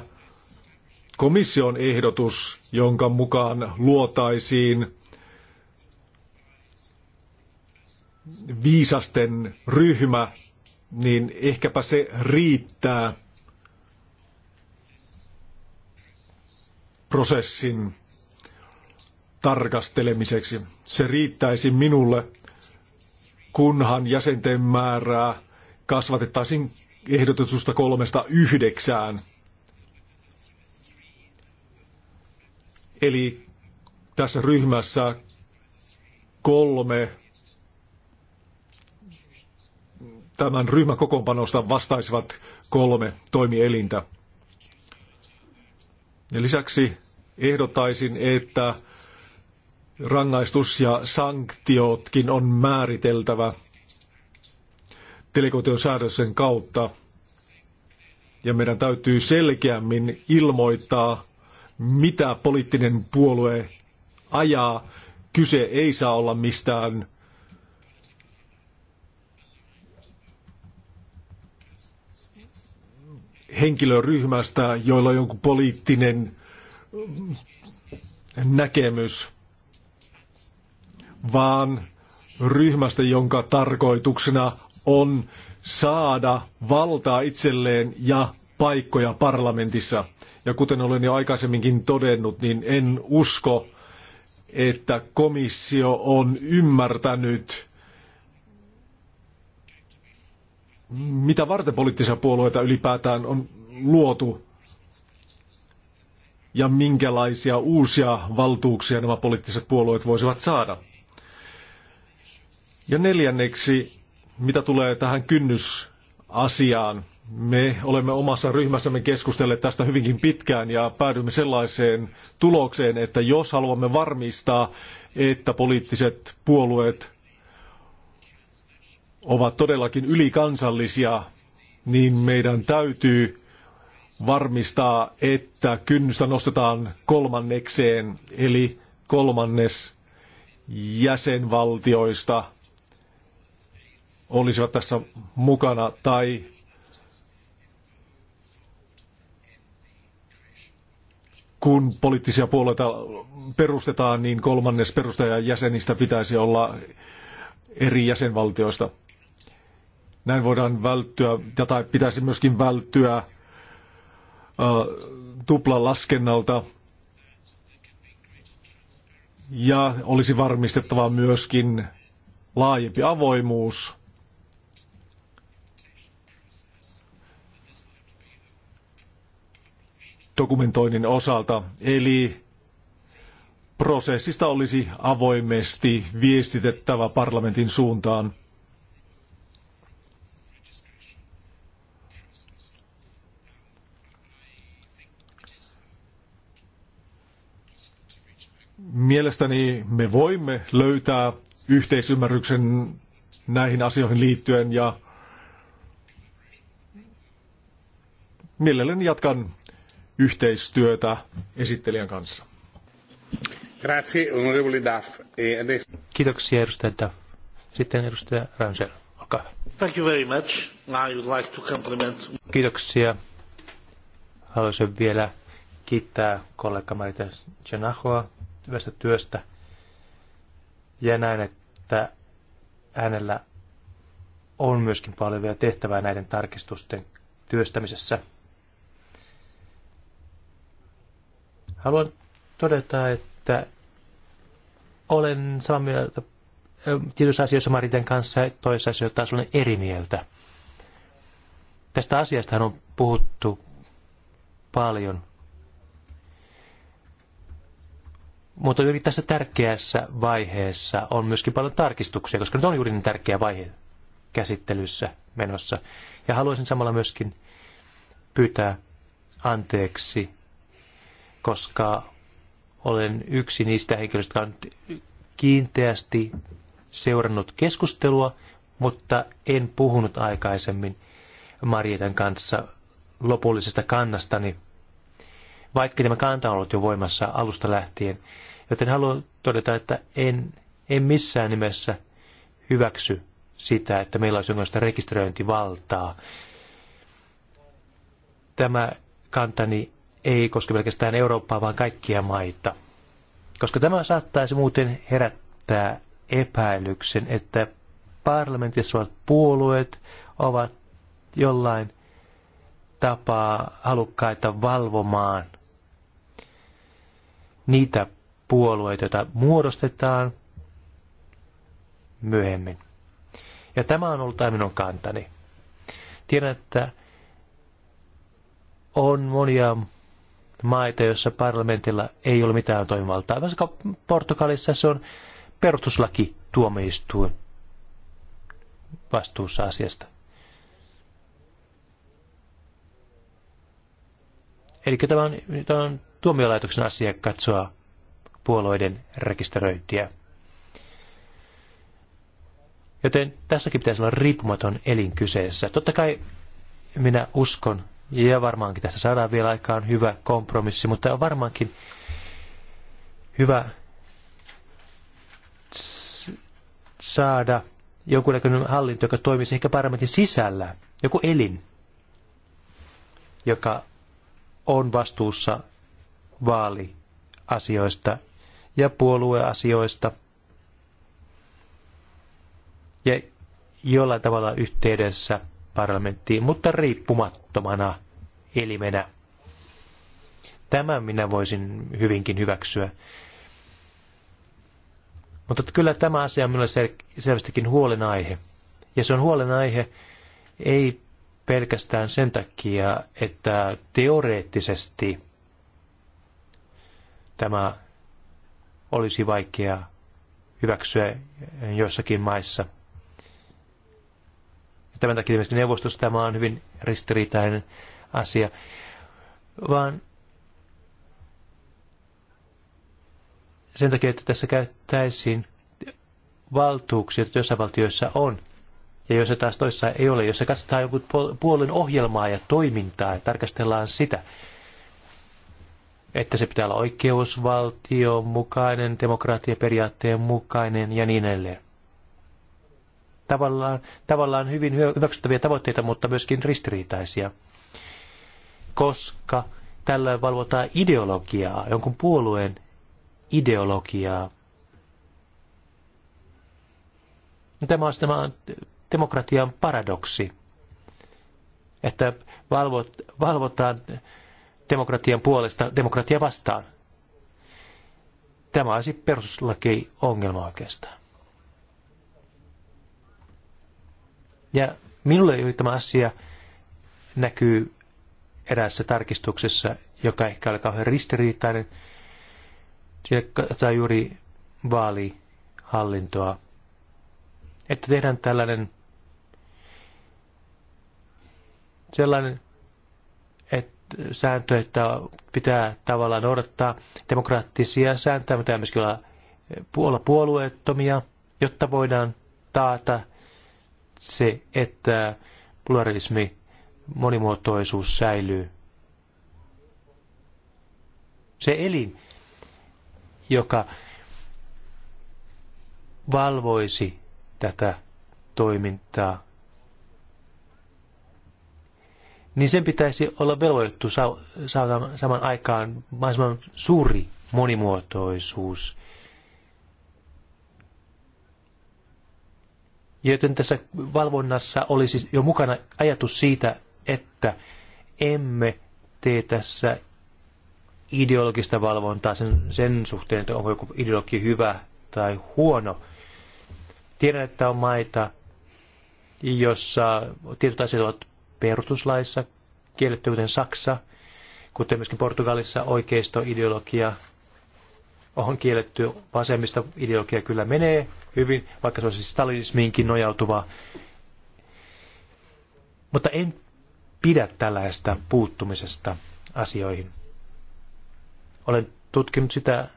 komission ehdotus, jonka mukaan luotaisiin viisasten ryhmä, niin ehkäpä se riittää prosessin tarkastelemiseksi. Se riittäisi minulle, kunhan jäsenten määrää kasvatettaisiin ehdotetusta kolmesta yhdeksään. Eli tässä ryhmässä kolme tämän ryhmäkokoonpanosta vastaisivat kolme toimielintä. Ja lisäksi ehdottaisin, että rangaistus ja sanktiotkin on määriteltävä delegoition säädösen kautta. Ja meidän täytyy selkeämmin ilmoittaa, mitä poliittinen puolue ajaa. Kyse ei saa olla mistään henkilöryhmästä, joilla on jonkun poliittinen näkemys, vaan ryhmästä, jonka tarkoituksena on saada valtaa itselleen ja paikkoja parlamentissa. Ja kuten olen jo aikaisemminkin todennut, niin en usko, että komissio on ymmärtänyt mitä varten poliittisia puolueita ylipäätään on luotu ja minkälaisia uusia valtuuksia nämä poliittiset puolueet voisivat saada. Ja neljänneksi, mitä tulee tähän kynnysasiaan, me olemme omassa ryhmässämme keskustelleet tästä hyvinkin pitkään ja päädymme sellaiseen tulokseen, että jos haluamme varmistaa, että poliittiset puolueet ovat todellakin ylikansallisia, niin meidän täytyy varmistaa, että kynnystä nostetaan kolmannekseen, eli kolmannes jäsenvaltioista olisivat tässä mukana tai kun poliittisia puolueita perustetaan, niin kolmannes perustajajäsenistä pitäisi olla eri jäsenvaltioista. Näin voidaan välttyä, ja tai pitäisi myöskin välttyä tuplan laskennalta. Ja olisi varmistettava myöskin laajempi avoimuus. dokumentoinnin osalta, eli prosessista olisi avoimesti viestitettävä parlamentin suuntaan. Mielestäni me voimme löytää yhteisymmärryksen näihin asioihin liittyen ja mielelläni jatkan yhteistyötä esittelijän kanssa. E Kiitoksia, edustaja Duff. Sitten edustaja Ransel, olkaa hyvä. Thank you very much. I would like to compliment... Kiitoksia. Haluaisin vielä kiittää kollega Marita Janahoa hyvästä työstä. Ja näin, että hänellä on myöskin paljon vielä tehtävää näiden tarkistusten työstämisessä. Haluan todeta, että olen samaa mieltä tietyissä asioissa Mariten kanssa ja toisissa asioissa taas olen eri mieltä. Tästä asiasta on puhuttu paljon Mutta juuri tässä tärkeässä vaiheessa on myöskin paljon tarkistuksia, koska nyt on juuri niin tärkeä vaihe käsittelyssä menossa. Ja haluaisin samalla myöskin pyytää anteeksi, koska olen yksi niistä henkilöistä, jotka on kiinteästi seurannut keskustelua, mutta en puhunut aikaisemmin Marietan kanssa lopullisesta kannastani vaikka tämä kanta on ollut jo voimassa alusta lähtien. Joten haluan todeta, että en, en missään nimessä hyväksy sitä, että meillä olisi jonkinlaista rekisteröintivaltaa. Tämä kantani ei koske pelkästään Eurooppaa, vaan kaikkia maita. Koska tämä saattaisi muuten herättää epäilyksen, että parlamentissa olevat puolueet ovat jollain tapaa halukkaita valvomaan niitä puolueita, joita muodostetaan myöhemmin. Ja tämä on ollut minun kantani. Tiedän, että on monia maita, joissa parlamentilla ei ole mitään toimivaltaa. Vaikka Portugalissa se on perustuslaki tuomioistuin vastuussa asiasta. Eli tämä on, tämä on tuomiolaitoksen asia katsoa puolueiden rekisteröintiä. Joten tässäkin pitäisi olla riippumaton elin kyseessä. Totta kai minä uskon, ja varmaankin tässä saadaan vielä aikaan hyvä kompromissi, mutta on varmaankin hyvä saada jonkunnäköinen hallinto, joka toimisi ehkä parlamentin sisällä, joku elin, joka on vastuussa vaaliasioista ja puolueasioista ja jollain tavalla yhteydessä parlamenttiin, mutta riippumattomana elimenä. Tämän minä voisin hyvinkin hyväksyä. Mutta kyllä tämä asia on minulle sel- selvästikin huolenaihe. Ja se on huolenaihe ei pelkästään sen takia, että teoreettisesti – tämä olisi vaikea hyväksyä joissakin maissa. Ja tämän takia myöskin neuvostossa tämä on hyvin ristiriitainen asia, vaan sen takia, että tässä käyttäisiin valtuuksia, joita joissain valtioissa on, ja jos se taas toissa ei ole, jos se katsotaan jonkun puolen ohjelmaa ja toimintaa ja tarkastellaan sitä, että se pitää olla oikeusvaltion mukainen, demokratiaperiaatteen mukainen ja niin edelleen. Tavallaan, tavallaan hyvin hyväksyttäviä tavoitteita, mutta myöskin ristiriitaisia, koska tällöin valvotaan ideologiaa, jonkun puolueen ideologiaa. Tämä on, tämä demokratian paradoksi, että valvot, valvotaan demokratian puolesta demokratia vastaan. Tämä olisi perustuslaki ongelma oikeastaan. Ja minulle juuri tämä asia näkyy eräässä tarkistuksessa, joka ehkä oli kauhean ristiriitainen. Siinä katsotaan juuri vaalihallintoa. Että tehdään tällainen sellainen, että sääntö, että pitää tavallaan noudattaa demokraattisia sääntöjä, mutta myöskin olla, eh, olla puolueettomia, jotta voidaan taata se, että pluralismi, monimuotoisuus säilyy. Se elin, joka valvoisi tätä toimintaa, niin sen pitäisi olla velvoitettu saada saman aikaan mahdollisimman suuri monimuotoisuus. Joten tässä valvonnassa olisi jo mukana ajatus siitä, että emme tee tässä ideologista valvontaa sen, sen suhteen, että onko joku ideologi hyvä tai huono. Tiedän, että on maita, jossa tietyt asiat ovat perustuslaissa kielletty, kuten Saksa, kuten myöskin Portugalissa oikeistoideologia on kielletty. Vasemmista ideologia kyllä menee hyvin, vaikka se on siis stalinismiinkin nojautuva. Mutta en pidä tällaista puuttumisesta asioihin. Olen tutkinut sitä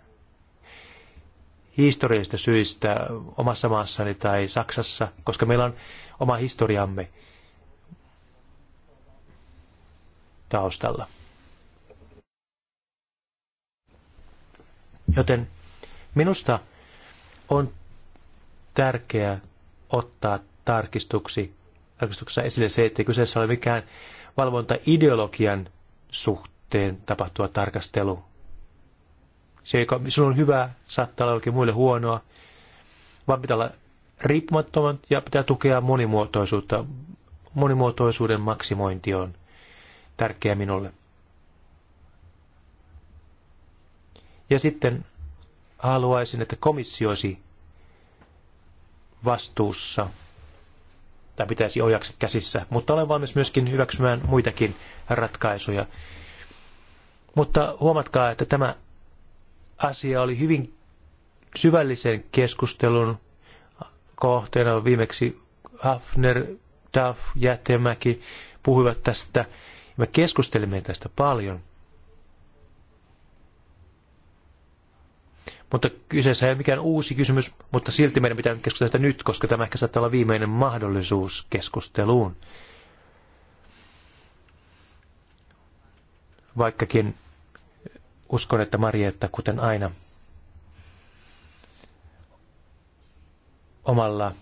historiallisista syistä omassa maassani tai Saksassa, koska meillä on oma historiamme. taustalla. Joten minusta on tärkeää ottaa tarkistuksi, tarkistuksessa esille se, että kyseessä ole mikään valvontaideologian suhteen tapahtuva tarkastelu. Se, joka sinulla on hyvää, saattaa olla jollekin muille huonoa, vaan pitää olla riippumattoman ja pitää tukea monimuotoisuutta. Monimuotoisuuden maksimointi on tärkeä minulle. Ja sitten haluaisin, että komissioisi vastuussa tai pitäisi ojakset käsissä, mutta olen valmis myöskin hyväksymään muitakin ratkaisuja. Mutta huomatkaa, että tämä asia oli hyvin syvällisen keskustelun kohteena viimeksi Hafner, Duff, Jätemäki puhuivat tästä me keskustelimme tästä paljon. Mutta kyseessä ei ole mikään uusi kysymys, mutta silti meidän pitää keskustella sitä nyt, koska tämä ehkä saattaa olla viimeinen mahdollisuus keskusteluun. Vaikkakin uskon, että Marietta, kuten aina, omalla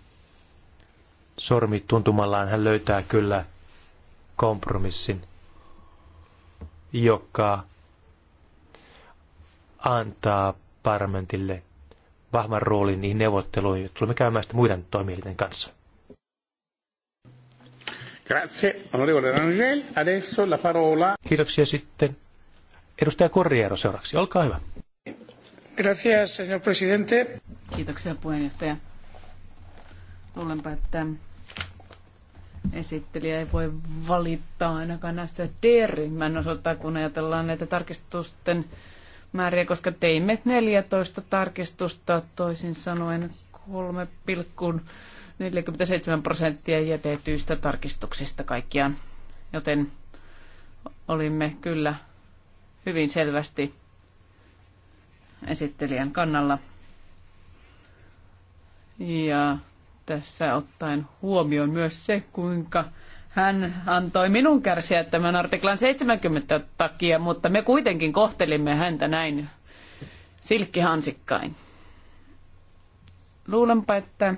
sormituntumallaan hän löytää kyllä kompromissin joka antaa parlamentille vahvan roolin niihin neuvotteluihin, tulemme käymään sitä muiden toimielinten kanssa. Grazie, onorevole Rangel. Adesso la parola. Kiitoksia sitten. Edustaja Corriero seuraavaksi, olkaa hyvä. Gracias, señor presidente. Kiitoksia puheenjohtaja. Luulenpa, että esittelijä ei voi valittaa ainakaan näistä D-ryhmän osalta, kun ajatellaan näitä tarkistusten määriä, koska teimme 14 tarkistusta, toisin sanoen 3,47 prosenttia jätetyistä tarkistuksista kaikkiaan. Joten olimme kyllä hyvin selvästi esittelijän kannalla. Ja tässä ottaen huomioon myös se, kuinka hän antoi minun kärsiä tämän artiklan 70 takia, mutta me kuitenkin kohtelimme häntä näin silkkihansikkain. Luulenpa, että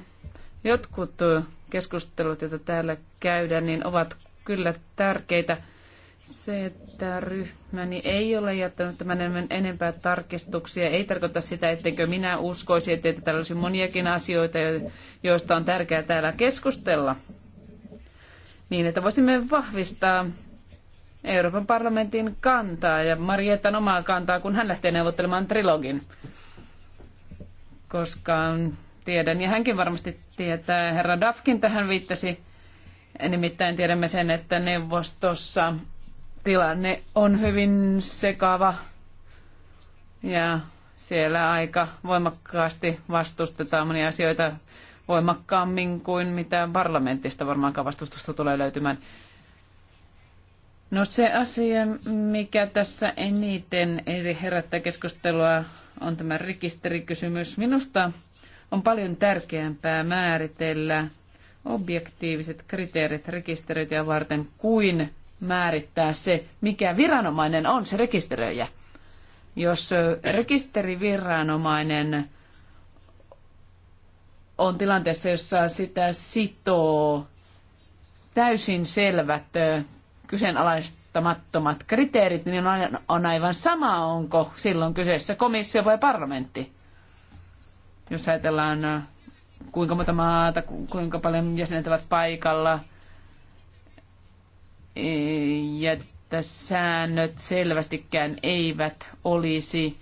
jotkut keskustelut, joita täällä käydään, niin ovat kyllä tärkeitä se, että ryhmäni ei ole jättänyt tämän enempää tarkistuksia, ei tarkoita sitä, ettenkö minä uskoisi, että täällä olisi moniakin asioita, joista on tärkeää täällä keskustella. Niin, että voisimme vahvistaa Euroopan parlamentin kantaa ja Marietan omaa kantaa, kun hän lähtee neuvottelemaan trilogin. Koska tiedän, ja hänkin varmasti tietää, herra Dafkin tähän viittasi, nimittäin tiedämme sen, että neuvostossa tilanne on hyvin sekava ja siellä aika voimakkaasti vastustetaan monia asioita voimakkaammin kuin mitä parlamentista varmaankaan vastustusta tulee löytymään. No se asia, mikä tässä eniten eli herättää keskustelua, on tämä rekisterikysymys. Minusta on paljon tärkeämpää määritellä objektiiviset kriteerit rekisteröityjä varten kuin määrittää se, mikä viranomainen on se rekisteröijä. Jos rekisteriviranomainen on tilanteessa, jossa sitä sitoo täysin selvät kyseenalaistamattomat kriteerit, niin on aivan sama, onko silloin kyseessä komissio vai parlamentti. Jos ajatellaan kuinka monta maata, kuinka paljon jäsenet ovat paikalla, ja että säännöt selvästikään eivät olisi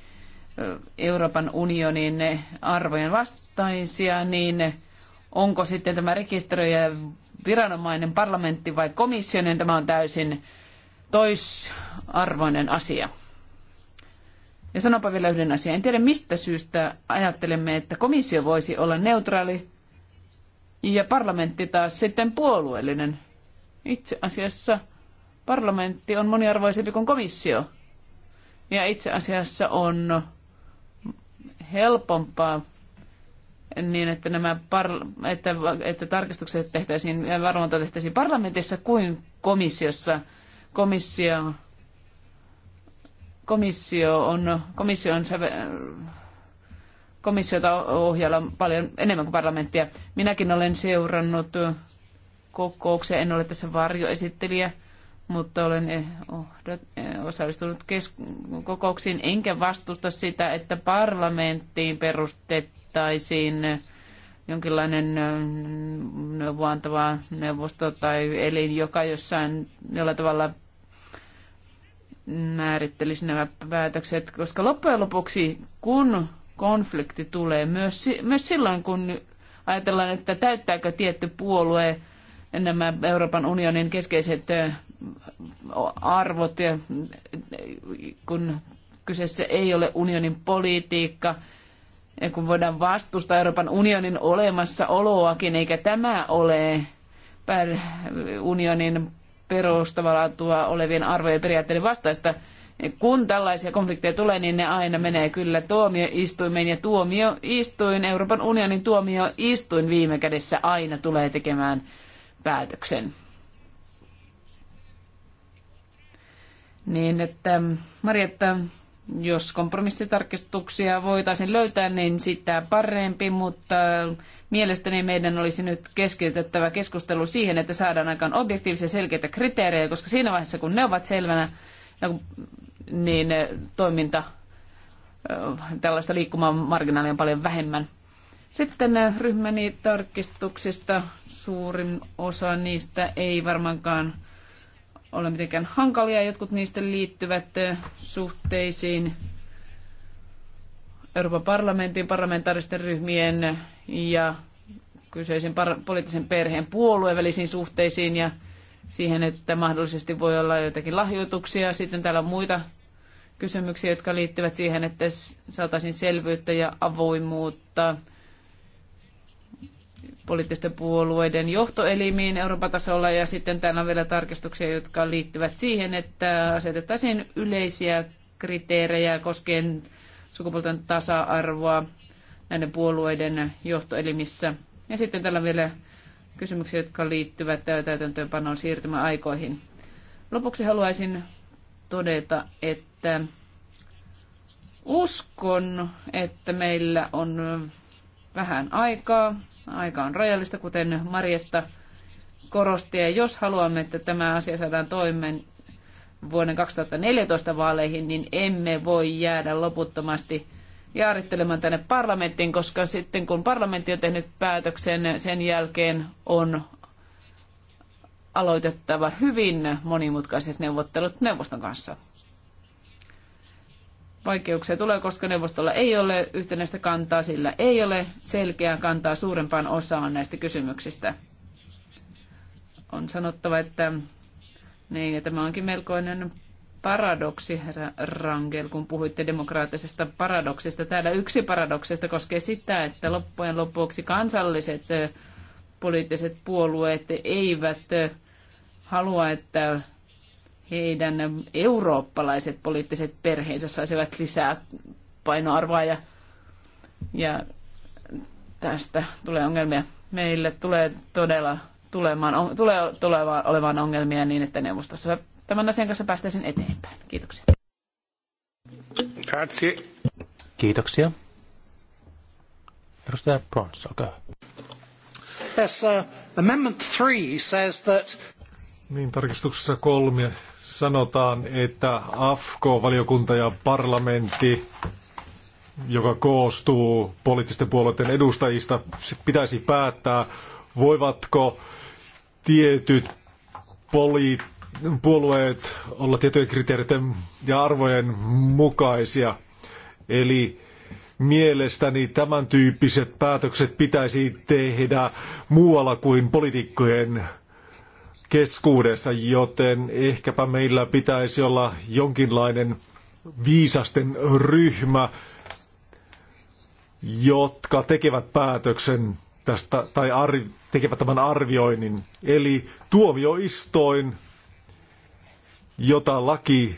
Euroopan unionin arvojen vastaisia, niin onko sitten tämä rekisteröijä viranomainen parlamentti vai komissio, niin tämä on täysin toisarvoinen asia. Ja sanonpa vielä yhden asian. En tiedä mistä syystä ajattelemme, että komissio voisi olla neutraali ja parlamentti taas sitten puolueellinen. Itse asiassa parlamentti on moniarvoisempi kuin komissio. Ja itse asiassa on helpompaa niin, että, nämä par- että, että tarkastukset tehtäisiin ja varmonta tehtäisiin parlamentissa kuin komissiossa. Komissio, komissio on, komissio on säve, komissiota ohjalla paljon enemmän kuin parlamenttia. Minäkin olen seurannut kokoukseen. En ole tässä varjoesittelijä, mutta olen eh, eh, osallistunut kokouksiin, enkä vastusta sitä, että parlamenttiin perustettaisiin jonkinlainen eh, neuvoantava neuvosto tai elin, joka jossain jollain tavalla määrittelisi nämä päätökset, koska loppujen lopuksi, kun konflikti tulee, myös, myös silloin kun ajatellaan, että täyttääkö tietty puolue nämä Euroopan unionin keskeiset arvot, kun kyseessä ei ole unionin politiikka, ja kun voidaan vastustaa Euroopan unionin olemassaoloakin, eikä tämä ole unionin perustavalaatua olevien arvojen periaatteiden vastaista. Kun tällaisia konflikteja tulee, niin ne aina menee kyllä tuomioistuimeen ja tuomioistuin, Euroopan unionin tuomioistuin viime kädessä aina tulee tekemään päätöksen. Niin, että Marietta, jos kompromissitarkistuksia voitaisiin löytää, niin sitä parempi, mutta mielestäni meidän olisi nyt keskitettävä keskustelu siihen, että saadaan aikaan objektiivisia selkeitä kriteerejä, koska siinä vaiheessa, kun ne ovat selvänä, niin toiminta, tällaista liikkumaan marginaalia on paljon vähemmän. Sitten äh, ryhmäni tarkistuksista suurin osa niistä ei varmaankaan ole mitenkään hankalia. Jotkut niistä liittyvät äh, suhteisiin Euroopan parlamentin, parlamentaaristen ryhmien ja kyseisen poliittisen perheen puolueen välisiin suhteisiin ja siihen, että mahdollisesti voi olla joitakin lahjoituksia. Sitten täällä on muita kysymyksiä, jotka liittyvät siihen, että saataisiin selvyyttä ja avoimuutta poliittisten puolueiden johtoelimiin Euroopan tasolla ja sitten täällä on vielä tarkistuksia, jotka liittyvät siihen, että asetettaisiin yleisiä kriteerejä koskien sukupuolten tasa-arvoa näiden puolueiden johtoelimissä. Ja sitten täällä on vielä kysymyksiä, jotka liittyvät täytäntöönpanon siirtymäaikoihin. Lopuksi haluaisin todeta, että uskon, että meillä on vähän aikaa Aika on rajallista, kuten Marietta korosti. Ja jos haluamme, että tämä asia saadaan toimeen vuoden 2014 vaaleihin, niin emme voi jäädä loputtomasti jaarittelemaan tänne parlamenttiin, koska sitten kun parlamentti on tehnyt päätöksen, sen jälkeen on aloitettava hyvin monimutkaiset neuvottelut neuvoston kanssa vaikeuksia tulee, koska neuvostolla ei ole yhtenäistä kantaa, sillä ei ole selkeää kantaa suurempaan osaan näistä kysymyksistä. On sanottava, että niin, ja tämä onkin melkoinen paradoksi, herra Rangel, kun puhuitte demokraattisesta paradoksista. Täällä yksi paradoksista koskee sitä, että loppujen lopuksi kansalliset poliittiset puolueet eivät halua, että heidän eurooppalaiset poliittiset perheensä saisivat lisää painoarvoa ja, ja tästä tulee ongelmia. Meille tulee todella tulemaan, on, tulee tulevaan, olemaan ongelmia niin, että neuvostossa tämän asian kanssa päästäisiin eteenpäin. Kiitoksia. Katsi. Kiitoksia. Edustaja Brons, olkaa hyvä. Yes, uh, amendment 3 says that... Niin, tarkistuksessa kolme sanotaan, että AFKO-valiokunta ja parlamentti, joka koostuu poliittisten puolueiden edustajista, pitäisi päättää, voivatko tietyt poli- puolueet olla tiettyjen kriteereiden ja arvojen mukaisia. Eli mielestäni tämän tyyppiset päätökset pitäisi tehdä muualla kuin poliitikkojen keskuudessa, joten ehkäpä meillä pitäisi olla jonkinlainen viisasten ryhmä, jotka tekevät päätöksen tästä, tai arvi, tekevät tämän arvioinnin. Eli tuomioistoin, jota laki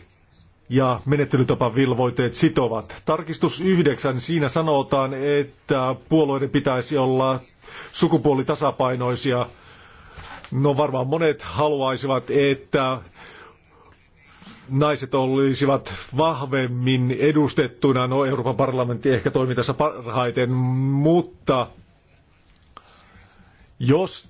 ja menettelytapavilvoitteet sitovat. Tarkistus yhdeksän, siinä sanotaan, että puolueiden pitäisi olla sukupuolitasapainoisia No varmaan monet haluaisivat, että naiset olisivat vahvemmin edustettuina. No Euroopan parlamentti ehkä toimii tässä parhaiten, mutta jos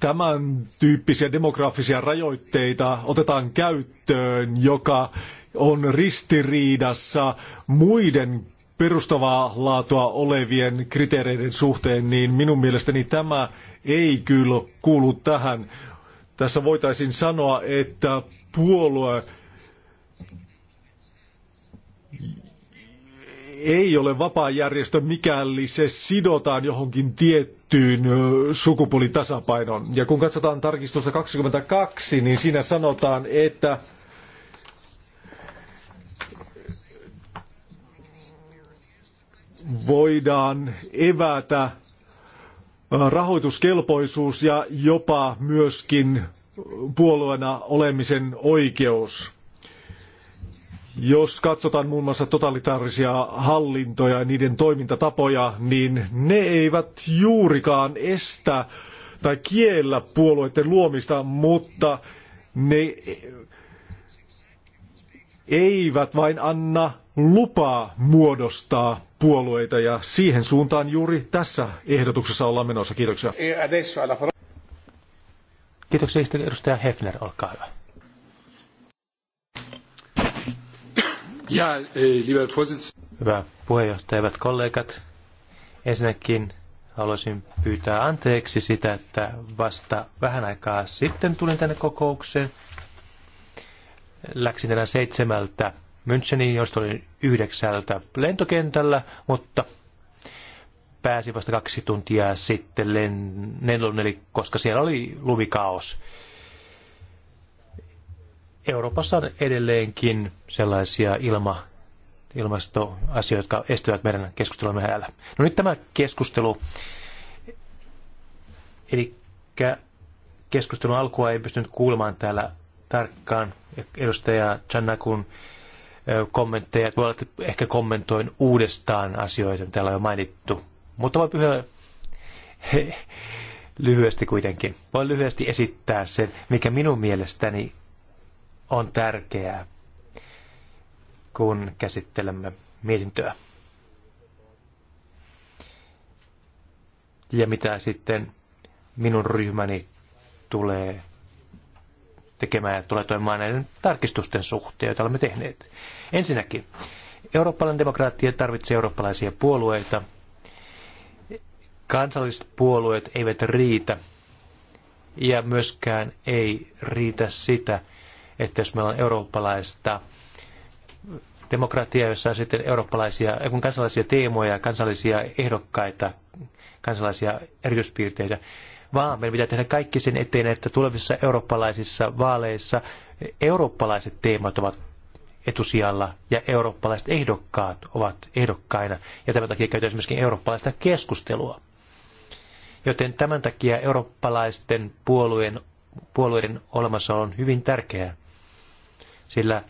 tämän tyyppisiä demografisia rajoitteita otetaan käyttöön, joka on ristiriidassa muiden perustavaa laatua olevien kriteereiden suhteen, niin minun mielestäni tämä ei kyllä kuulu tähän. Tässä voitaisiin sanoa, että puolue ei ole vapaa järjestö, mikäli se sidotaan johonkin tiettyyn sukupuolitasapainoon. Ja kun katsotaan tarkistusta 22, niin siinä sanotaan, että voidaan evätä Äh, rahoituskelpoisuus ja jopa myöskin puolueena olemisen oikeus. Jos katsotaan muun muassa totalitaarisia hallintoja ja niiden toimintatapoja, niin ne eivät juurikaan estä tai kiellä puolueiden luomista, mutta ne e- eivät vain anna lupaa muodostaa puolueita ja siihen suuntaan juuri tässä ehdotuksessa ollaan menossa. Kiitoksia. E Kiitoksia sitten edustaja Hefner, olkaa hyvä. Ja, e, Hyvä puheenjohtaja, hyvät kollegat. Ensinnäkin haluaisin pyytää anteeksi sitä, että vasta vähän aikaa sitten tulin tänne kokoukseen. Läksin tänään seitsemältä Müncheniin, josta olin yhdeksältä lentokentällä, mutta pääsi vasta kaksi tuntia sitten eli koska siellä oli lumikaos. Euroopassa on edelleenkin sellaisia ilma, ilmastoasioita, jotka estävät meidän keskustelumme häällä. No nyt tämä keskustelu, eli keskustelun alkua ei pystynyt kuulemaan täällä tarkkaan edustaja Channakun kun kommentteja, voi olla, että ehkä kommentoin uudestaan asioita, mitä täällä on jo mainittu. Mutta voi pyhä lyhyesti kuitenkin. Voin lyhyesti esittää sen, mikä minun mielestäni on tärkeää, kun käsittelemme mietintöä. Ja mitä sitten minun ryhmäni tulee tekemään ja tulee toimimaan näiden tarkistusten suhteen, joita olemme tehneet. Ensinnäkin, eurooppalainen demokraattia tarvitsee eurooppalaisia puolueita. Kansalliset puolueet eivät riitä ja myöskään ei riitä sitä, että jos meillä on eurooppalaista demokratiaa, jossa on sitten eurooppalaisia, kun kansalaisia teemoja, kansallisia ehdokkaita, kansalaisia erityispiirteitä, vaan meidän pitää tehdä kaikki sen eteen, että tulevissa eurooppalaisissa vaaleissa eurooppalaiset teemat ovat etusijalla ja eurooppalaiset ehdokkaat ovat ehdokkaina. Ja tämän takia käytetään myöskin eurooppalaista keskustelua. Joten tämän takia eurooppalaisten puolueen, puolueiden olemassa on hyvin tärkeää. Sillä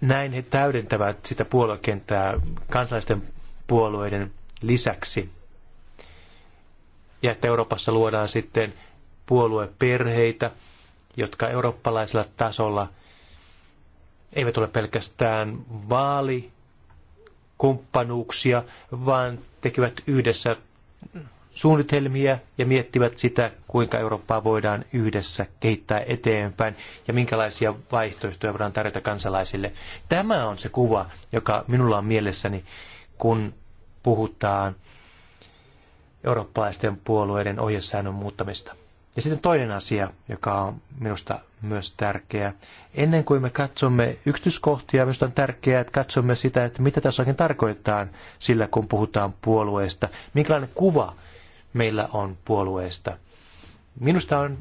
näin he täydentävät sitä puoluekenttää kansallisten puolueiden lisäksi ja että Euroopassa luodaan sitten puolueperheitä, jotka eurooppalaisella tasolla eivät ole pelkästään vaalikumppanuuksia, vaan tekevät yhdessä suunnitelmia ja miettivät sitä, kuinka Eurooppaa voidaan yhdessä kehittää eteenpäin ja minkälaisia vaihtoehtoja voidaan tarjota kansalaisille. Tämä on se kuva, joka minulla on mielessäni, kun puhutaan eurooppalaisten puolueiden ohjesäännön muuttamista. Ja sitten toinen asia, joka on minusta myös tärkeä. Ennen kuin me katsomme yksityiskohtia, minusta on tärkeää, että katsomme sitä, että mitä tässä oikein tarkoittaa sillä, kun puhutaan puolueesta. Minkälainen kuva meillä on puolueesta. Minusta on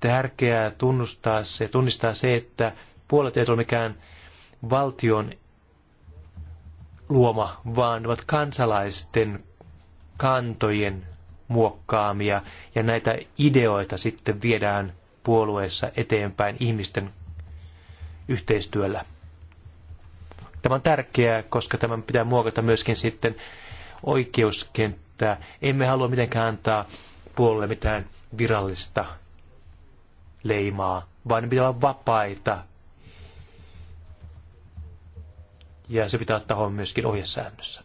tärkeää tunnustaa se, tunnistaa se, että puolet ei ole mikään valtion luoma, vaan ne ovat kansalaisten kantojen muokkaamia ja näitä ideoita sitten viedään puolueessa eteenpäin ihmisten yhteistyöllä. Tämä on tärkeää, koska tämän pitää muokata myöskin sitten oikeuskenttää. Emme halua mitenkään antaa puolelle mitään virallista leimaa, vaan ne pitää olla vapaita ja se pitää ottaa huomioon myöskin ohjesäännössä.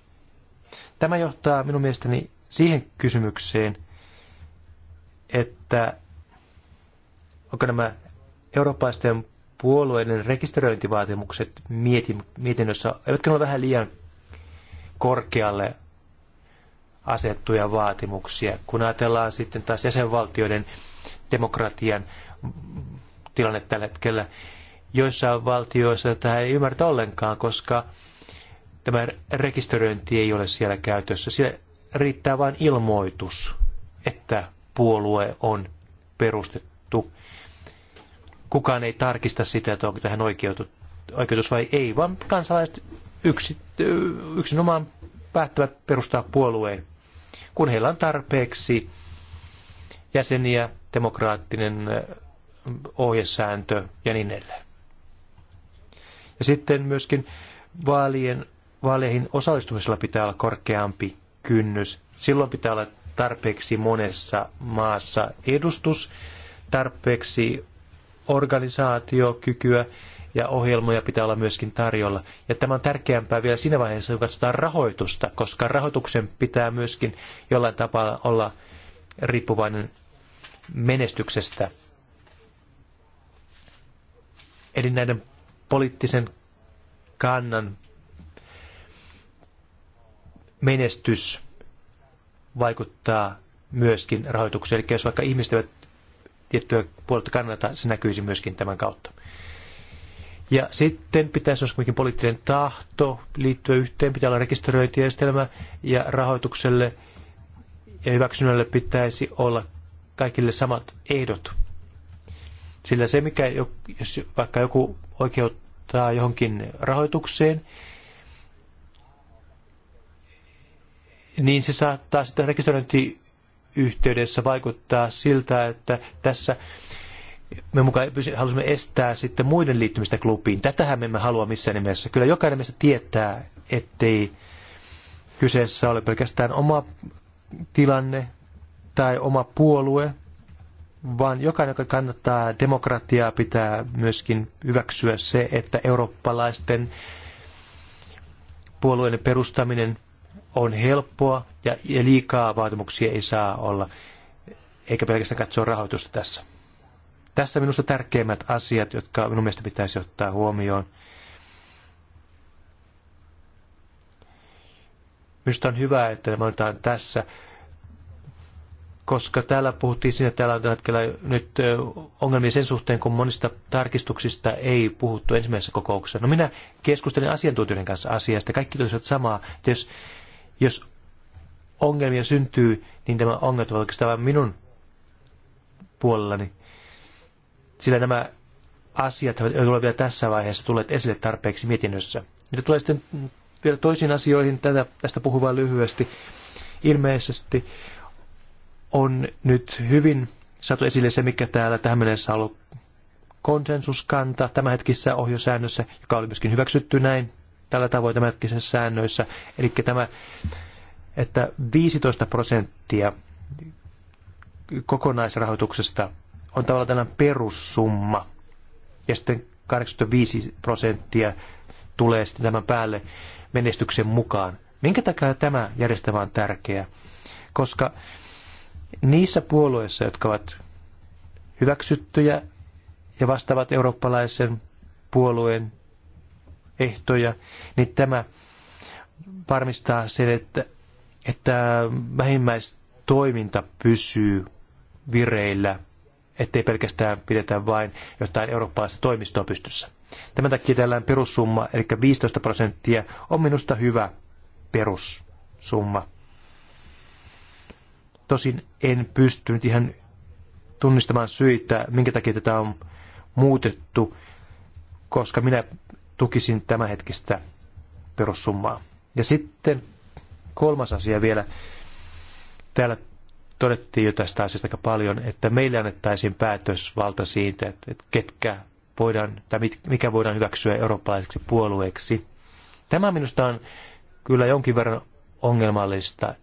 Tämä johtaa minun mielestäni siihen kysymykseen, että onko nämä eurooppalaisten puolueiden rekisteröintivaatimukset mietinnössä, eivätkö ne ole vähän liian korkealle asettuja vaatimuksia, kun ajatellaan sitten taas jäsenvaltioiden demokratian tilanne tällä hetkellä, joissain valtioissa tätä ei ymmärrä ollenkaan, koska tämä rekisteröinti ei ole siellä käytössä. Siellä riittää vain ilmoitus, että puolue on perustettu. Kukaan ei tarkista sitä, että onko tähän oikeutus vai ei, vaan kansalaiset yksi, yksinomaan päättävät perustaa puolueen, kun heillä on tarpeeksi jäseniä, demokraattinen ohjesääntö ja niin edelleen. Ja sitten myöskin vaalien, vaaleihin osallistumisella pitää olla korkeampi kynnys. Silloin pitää olla tarpeeksi monessa maassa edustus, tarpeeksi organisaatiokykyä ja ohjelmoja pitää olla myöskin tarjolla. Ja tämä on tärkeämpää vielä siinä vaiheessa, kun katsotaan rahoitusta, koska rahoituksen pitää myöskin jollain tapaa olla riippuvainen menestyksestä. Eli näiden poliittisen kannan menestys vaikuttaa myöskin rahoitukseen. Eli jos vaikka ihmiset eivät tiettyä puolta kannata, se näkyisi myöskin tämän kautta. Ja sitten pitäisi olla kuitenkin poliittinen tahto liittyä yhteen, pitää olla rekisteröintijärjestelmä ja rahoitukselle ja hyväksynnälle pitäisi olla kaikille samat ehdot. Sillä se, mikä jos vaikka joku oikeut, tai johonkin rahoitukseen, niin se saattaa sitten rekisteröintiyhteydessä vaikuttaa siltä, että tässä me mukaan halusimme estää sitten muiden liittymistä klubiin. Tätähän me emme halua missään nimessä. Kyllä jokainen meistä tietää, ettei kyseessä ole pelkästään oma tilanne tai oma puolue, vaan jokainen, joka kannattaa demokratiaa, pitää myöskin hyväksyä se, että eurooppalaisten puolueiden perustaminen on helppoa ja liikaa vaatimuksia ei saa olla, eikä pelkästään katsoa rahoitusta tässä. Tässä minusta tärkeimmät asiat, jotka minun mielestä pitäisi ottaa huomioon. Minusta on hyvä, että ne tässä koska täällä puhuttiin siinä tällä hetkellä nyt ongelmia sen suhteen, kun monista tarkistuksista ei puhuttu ensimmäisessä kokouksessa. No minä keskustelin asiantuntijoiden kanssa asiasta, kaikki tosiaan samaa, että jos, jos ongelmia syntyy, niin tämä ongelmat ovat oikeastaan vain minun puolellani. Sillä nämä asiat eivät ole vielä tässä vaiheessa tulleet esille tarpeeksi mietinnössä. Mitä tulee sitten vielä toisiin asioihin, tätä, tästä puhuvaa lyhyesti. Ilmeisesti on nyt hyvin saatu esille se, mikä täällä tähän mennessä on ollut konsensuskanta tämänhetkisessä ohjosäännössä, joka oli myöskin hyväksytty näin tällä tavoin tämänhetkisessä säännöissä. Eli tämä, että 15 prosenttia kokonaisrahoituksesta on tavallaan tällainen perussumma, ja sitten 85 prosenttia tulee sitten tämän päälle menestyksen mukaan. Minkä takia tämä järjestelmä on tärkeä? Koska niissä puolueissa, jotka ovat hyväksyttyjä ja vastaavat eurooppalaisen puolueen ehtoja, niin tämä varmistaa sen, että, että vähimmäistoiminta pysyy vireillä, ettei pelkästään pidetä vain jotain eurooppalaista toimistoa pystyssä. Tämän takia tällainen perussumma, eli 15 prosenttia, on minusta hyvä perussumma. Tosin en pystynyt ihan tunnistamaan syitä, minkä takia tätä on muutettu, koska minä tukisin hetkistä perussummaa. Ja sitten kolmas asia vielä. Täällä todettiin jo tästä asiasta aika paljon, että meille annettaisiin päätösvalta siitä, että ketkä voidaan, tai mikä voidaan hyväksyä eurooppalaiseksi puolueeksi. Tämä minusta on kyllä jonkin verran ongelmallista,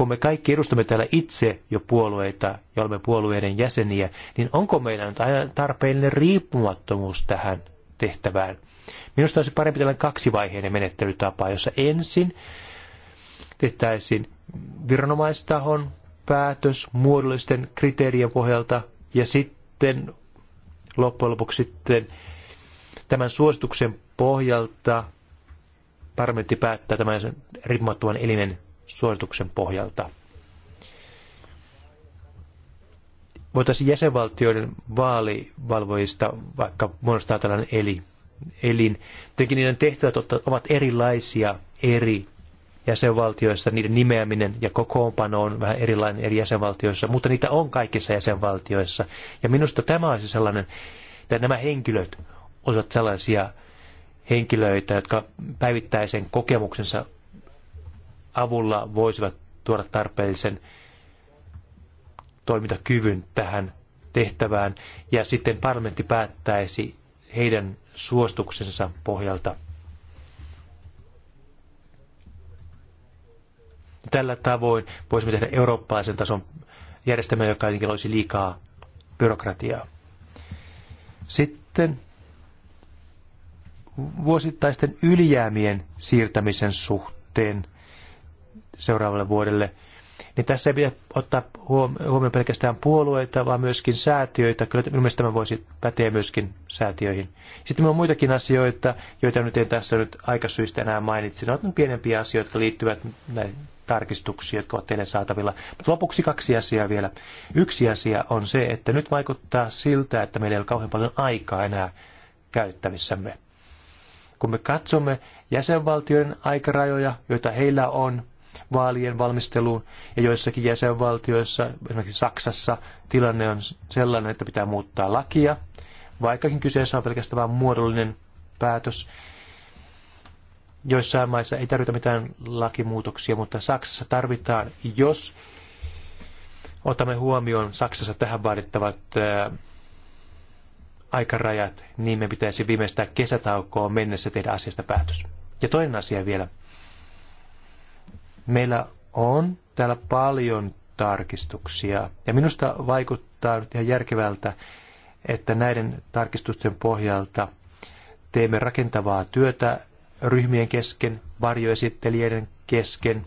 kun me kaikki edustamme täällä itse jo puolueita ja olemme puolueiden jäseniä, niin onko meillä nyt tarpeellinen riippumattomuus tähän tehtävään? Minusta olisi parempi tällainen kaksivaiheinen menettelytapa, jossa ensin tehtäisiin viranomaistahon päätös muodollisten kriteerien pohjalta ja sitten loppujen lopuksi sitten tämän suosituksen pohjalta parlamentti päättää tämän riippumattoman elimen suorituksen pohjalta. Voitaisiin jäsenvaltioiden vaalivalvojista vaikka muodostaa tällainen eli, elin. Tietenkin niiden tehtävät ovat erilaisia eri jäsenvaltioissa, niiden nimeäminen ja kokoonpano on vähän erilainen eri jäsenvaltioissa, mutta niitä on kaikissa jäsenvaltioissa. Ja minusta tämä olisi sellainen, että nämä henkilöt ovat sellaisia henkilöitä, jotka päivittäisen kokemuksensa avulla voisivat tuoda tarpeellisen toimintakyvyn tähän tehtävään, ja sitten parlamentti päättäisi heidän suostuksensa pohjalta. Tällä tavoin voisimme tehdä eurooppalaisen tason järjestelmän, joka jotenkin olisi liikaa byrokratiaa. Sitten vuosittaisten ylijäämien siirtämisen suhteen – seuraavalle vuodelle, niin tässä ei pidä ottaa huomioon pelkästään puolueita, vaan myöskin säätiöitä. Kyllä minun mielestä tämä voisi päteä myöskin säätiöihin. Sitten on muitakin asioita, joita nyt en tässä nyt aikasyistä enää mainitse. Ne ovat pienempiä asioita, jotka liittyvät näihin tarkistuksiin, jotka ovat teille saatavilla. Mutta lopuksi kaksi asiaa vielä. Yksi asia on se, että nyt vaikuttaa siltä, että meillä ei ole kauhean paljon aikaa enää käyttävissämme. Kun me katsomme jäsenvaltioiden aikarajoja, joita heillä on, vaalien valmisteluun. Ja joissakin jäsenvaltioissa, esimerkiksi Saksassa, tilanne on sellainen, että pitää muuttaa lakia, vaikkakin kyseessä on pelkästään vain muodollinen päätös. Joissain maissa ei tarvita mitään lakimuutoksia, mutta Saksassa tarvitaan, jos otamme huomioon Saksassa tähän vaadittavat äh, aikarajat, niin me pitäisi viimeistään kesätaukoon mennessä tehdä asiasta päätös. Ja toinen asia vielä, Meillä on täällä paljon tarkistuksia ja minusta vaikuttaa ihan järkevältä, että näiden tarkistusten pohjalta teemme rakentavaa työtä ryhmien kesken, varjoesittelijöiden kesken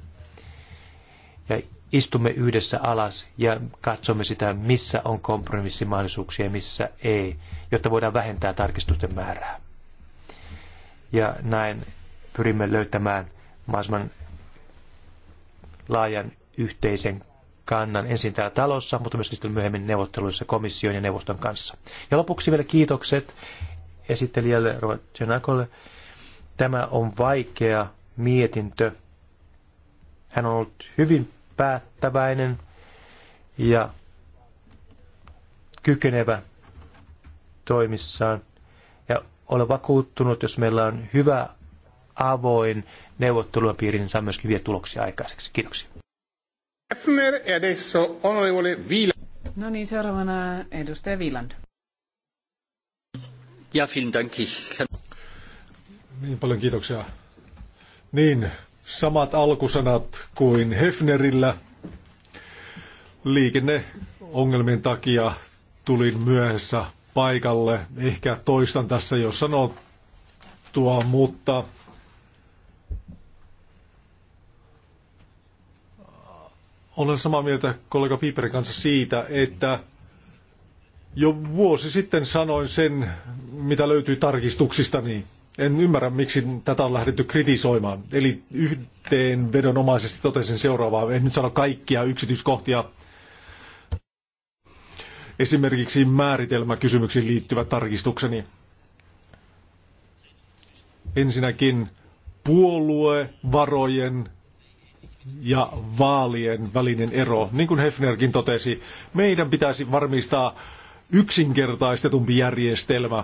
ja istumme yhdessä alas ja katsomme sitä, missä on kompromissimahdollisuuksia ja missä ei, jotta voidaan vähentää tarkistusten määrää. Ja näin pyrimme löytämään mahdollisimman laajan yhteisen kannan ensin täällä talossa, mutta myöskin sitten myöhemmin neuvotteluissa komission ja neuvoston kanssa. Ja lopuksi vielä kiitokset esittelijälle Robert Tämä on vaikea mietintö. Hän on ollut hyvin päättäväinen ja kykenevä toimissaan. Ja olen vakuuttunut, jos meillä on hyvä avoin neuvottelupiiri niin saa myöskin hyviä tuloksia aikaiseksi. Kiitoksia. No niin, seuraavana edustaja Wieland. Ja, vielen dank. Niin paljon kiitoksia. Niin, samat alkusanat kuin Hefnerillä. Liikenneongelmien takia tulin myöhässä paikalle. Ehkä toistan tässä jo sanottua, mutta Olen samaa mieltä kollega Piiperin kanssa siitä, että jo vuosi sitten sanoin sen, mitä löytyy tarkistuksista, niin en ymmärrä, miksi tätä on lähdetty kritisoimaan. Eli yhteenvedonomaisesti totesin seuraavaa. En nyt sano kaikkia yksityiskohtia. Esimerkiksi määritelmäkysymyksiin liittyvä tarkistukseni. Ensinnäkin puoluevarojen ja vaalien välinen ero. Niin kuin Hefnerkin totesi, meidän pitäisi varmistaa yksinkertaistetumpi järjestelmä,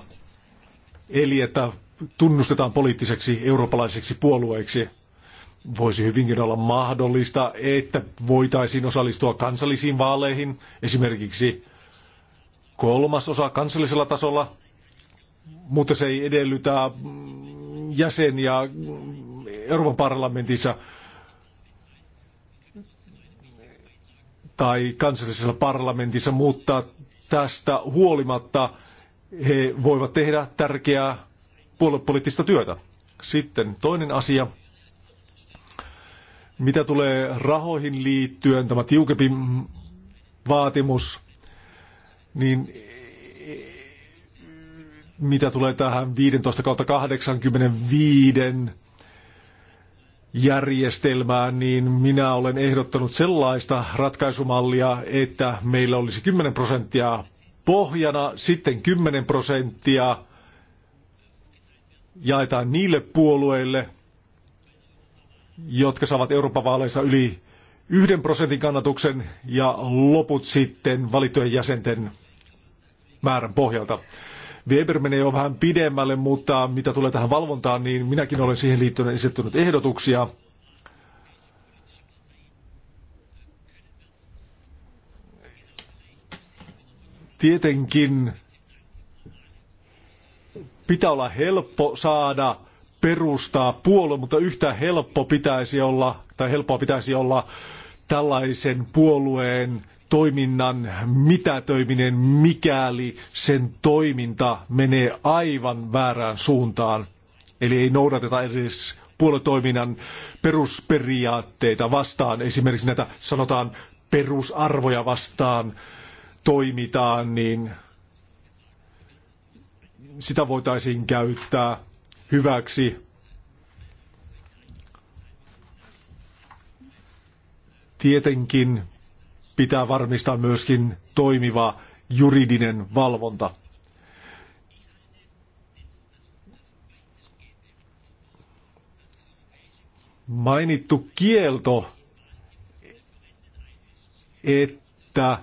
eli että tunnustetaan poliittiseksi eurooppalaiseksi puolueeksi. Voisi hyvinkin olla mahdollista, että voitaisiin osallistua kansallisiin vaaleihin, esimerkiksi kolmasosa kansallisella tasolla, mutta se ei edellytä jäseniä Euroopan parlamentissa – tai kansallisessa parlamentissa, mutta tästä huolimatta he voivat tehdä tärkeää puoluepoliittista työtä. Sitten toinen asia, mitä tulee rahoihin liittyen, tämä tiukempi vaatimus, niin mitä tulee tähän 15 kautta 85 järjestelmää, niin minä olen ehdottanut sellaista ratkaisumallia, että meillä olisi 10 prosenttia pohjana, sitten 10 prosenttia jaetaan niille puolueille, jotka saavat Euroopan vaaleissa yli yhden prosentin kannatuksen ja loput sitten valittujen jäsenten määrän pohjalta. Weber menee jo vähän pidemmälle, mutta mitä tulee tähän valvontaan, niin minäkin olen siihen liittyen esittänyt ehdotuksia. Tietenkin pitää olla helppo saada perustaa puolue, mutta yhtä helppo pitäisi olla, tai helppoa pitäisi olla tällaisen puolueen toiminnan mitätöiminen, mikäli sen toiminta menee aivan väärään suuntaan. Eli ei noudateta edes puoluetoiminnan perusperiaatteita vastaan, esimerkiksi näitä sanotaan perusarvoja vastaan toimitaan, niin sitä voitaisiin käyttää hyväksi tietenkin pitää varmistaa myöskin toimiva juridinen valvonta. Mainittu kielto, että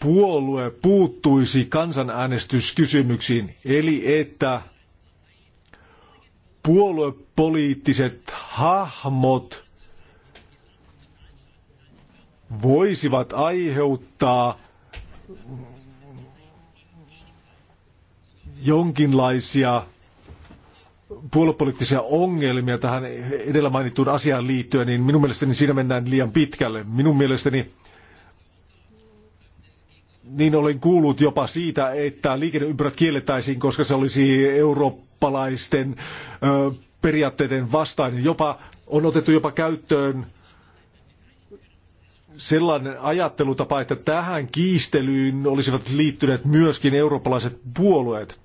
puolue puuttuisi kansanäänestyskysymyksiin, eli että puoluepoliittiset hahmot – voisivat aiheuttaa jonkinlaisia puoluepoliittisia ongelmia tähän edellä mainittuun asiaan liittyen, niin minun mielestäni siinä mennään liian pitkälle. Minun mielestäni niin olen kuullut jopa siitä, että liikenneympyrät kiellettäisiin, koska se olisi eurooppalaisten ö, periaatteiden vastainen. Jopa on otettu jopa käyttöön sellainen ajattelutapa, että tähän kiistelyyn olisivat liittyneet myöskin eurooppalaiset puolueet.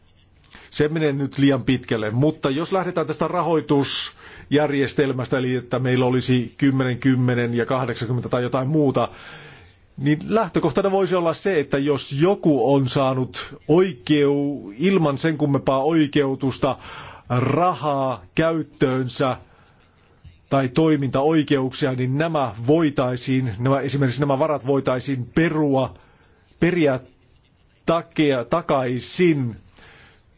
Se menee nyt liian pitkälle, mutta jos lähdetään tästä rahoitusjärjestelmästä, eli että meillä olisi 10, 10 ja 80 tai jotain muuta, niin lähtökohtana voisi olla se, että jos joku on saanut oikeu, ilman sen kummempaa oikeutusta rahaa käyttöönsä, tai toimintaoikeuksia, niin nämä voitaisiin, nämä, esimerkiksi nämä varat voitaisiin perua, periä takia, takaisin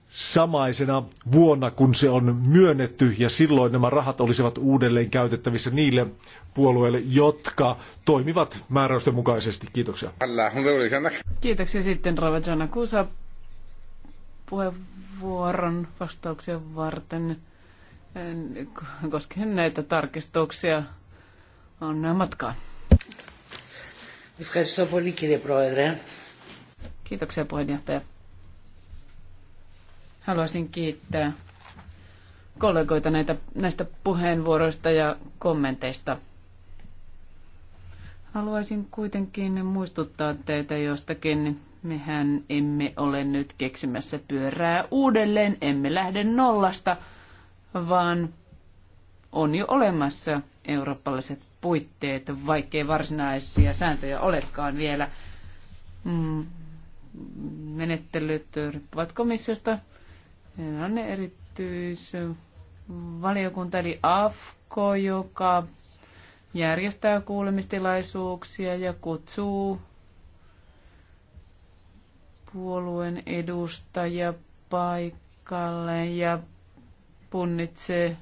samaisena vuonna, kun se on myönnetty, ja silloin nämä rahat olisivat uudelleen käytettävissä niille puolueille, jotka toimivat määräysten mukaisesti. Kiitoksia. Kiitoksia sitten Rova Janakusa puheenvuoron vastauksia varten koskien näitä tarkistuksia. Onnea matkaan. Ευχαριστώ Kiitoksia puheenjohtaja. Haluaisin kiittää kollegoita näitä, näistä puheenvuoroista ja kommenteista. Haluaisin kuitenkin muistuttaa teitä jostakin. Mehän emme ole nyt keksimässä pyörää uudelleen, emme lähde nollasta – vaan on jo olemassa eurooppalaiset puitteet, vaikkei varsinaisia sääntöjä olekaan vielä. Mm, menettelyt riippuvat komissiosta. Meillä on erityisvaliokunta eli AFKO, joka järjestää kuulemistilaisuuksia ja kutsuu puolueen edustajia paikalle ja punnitsee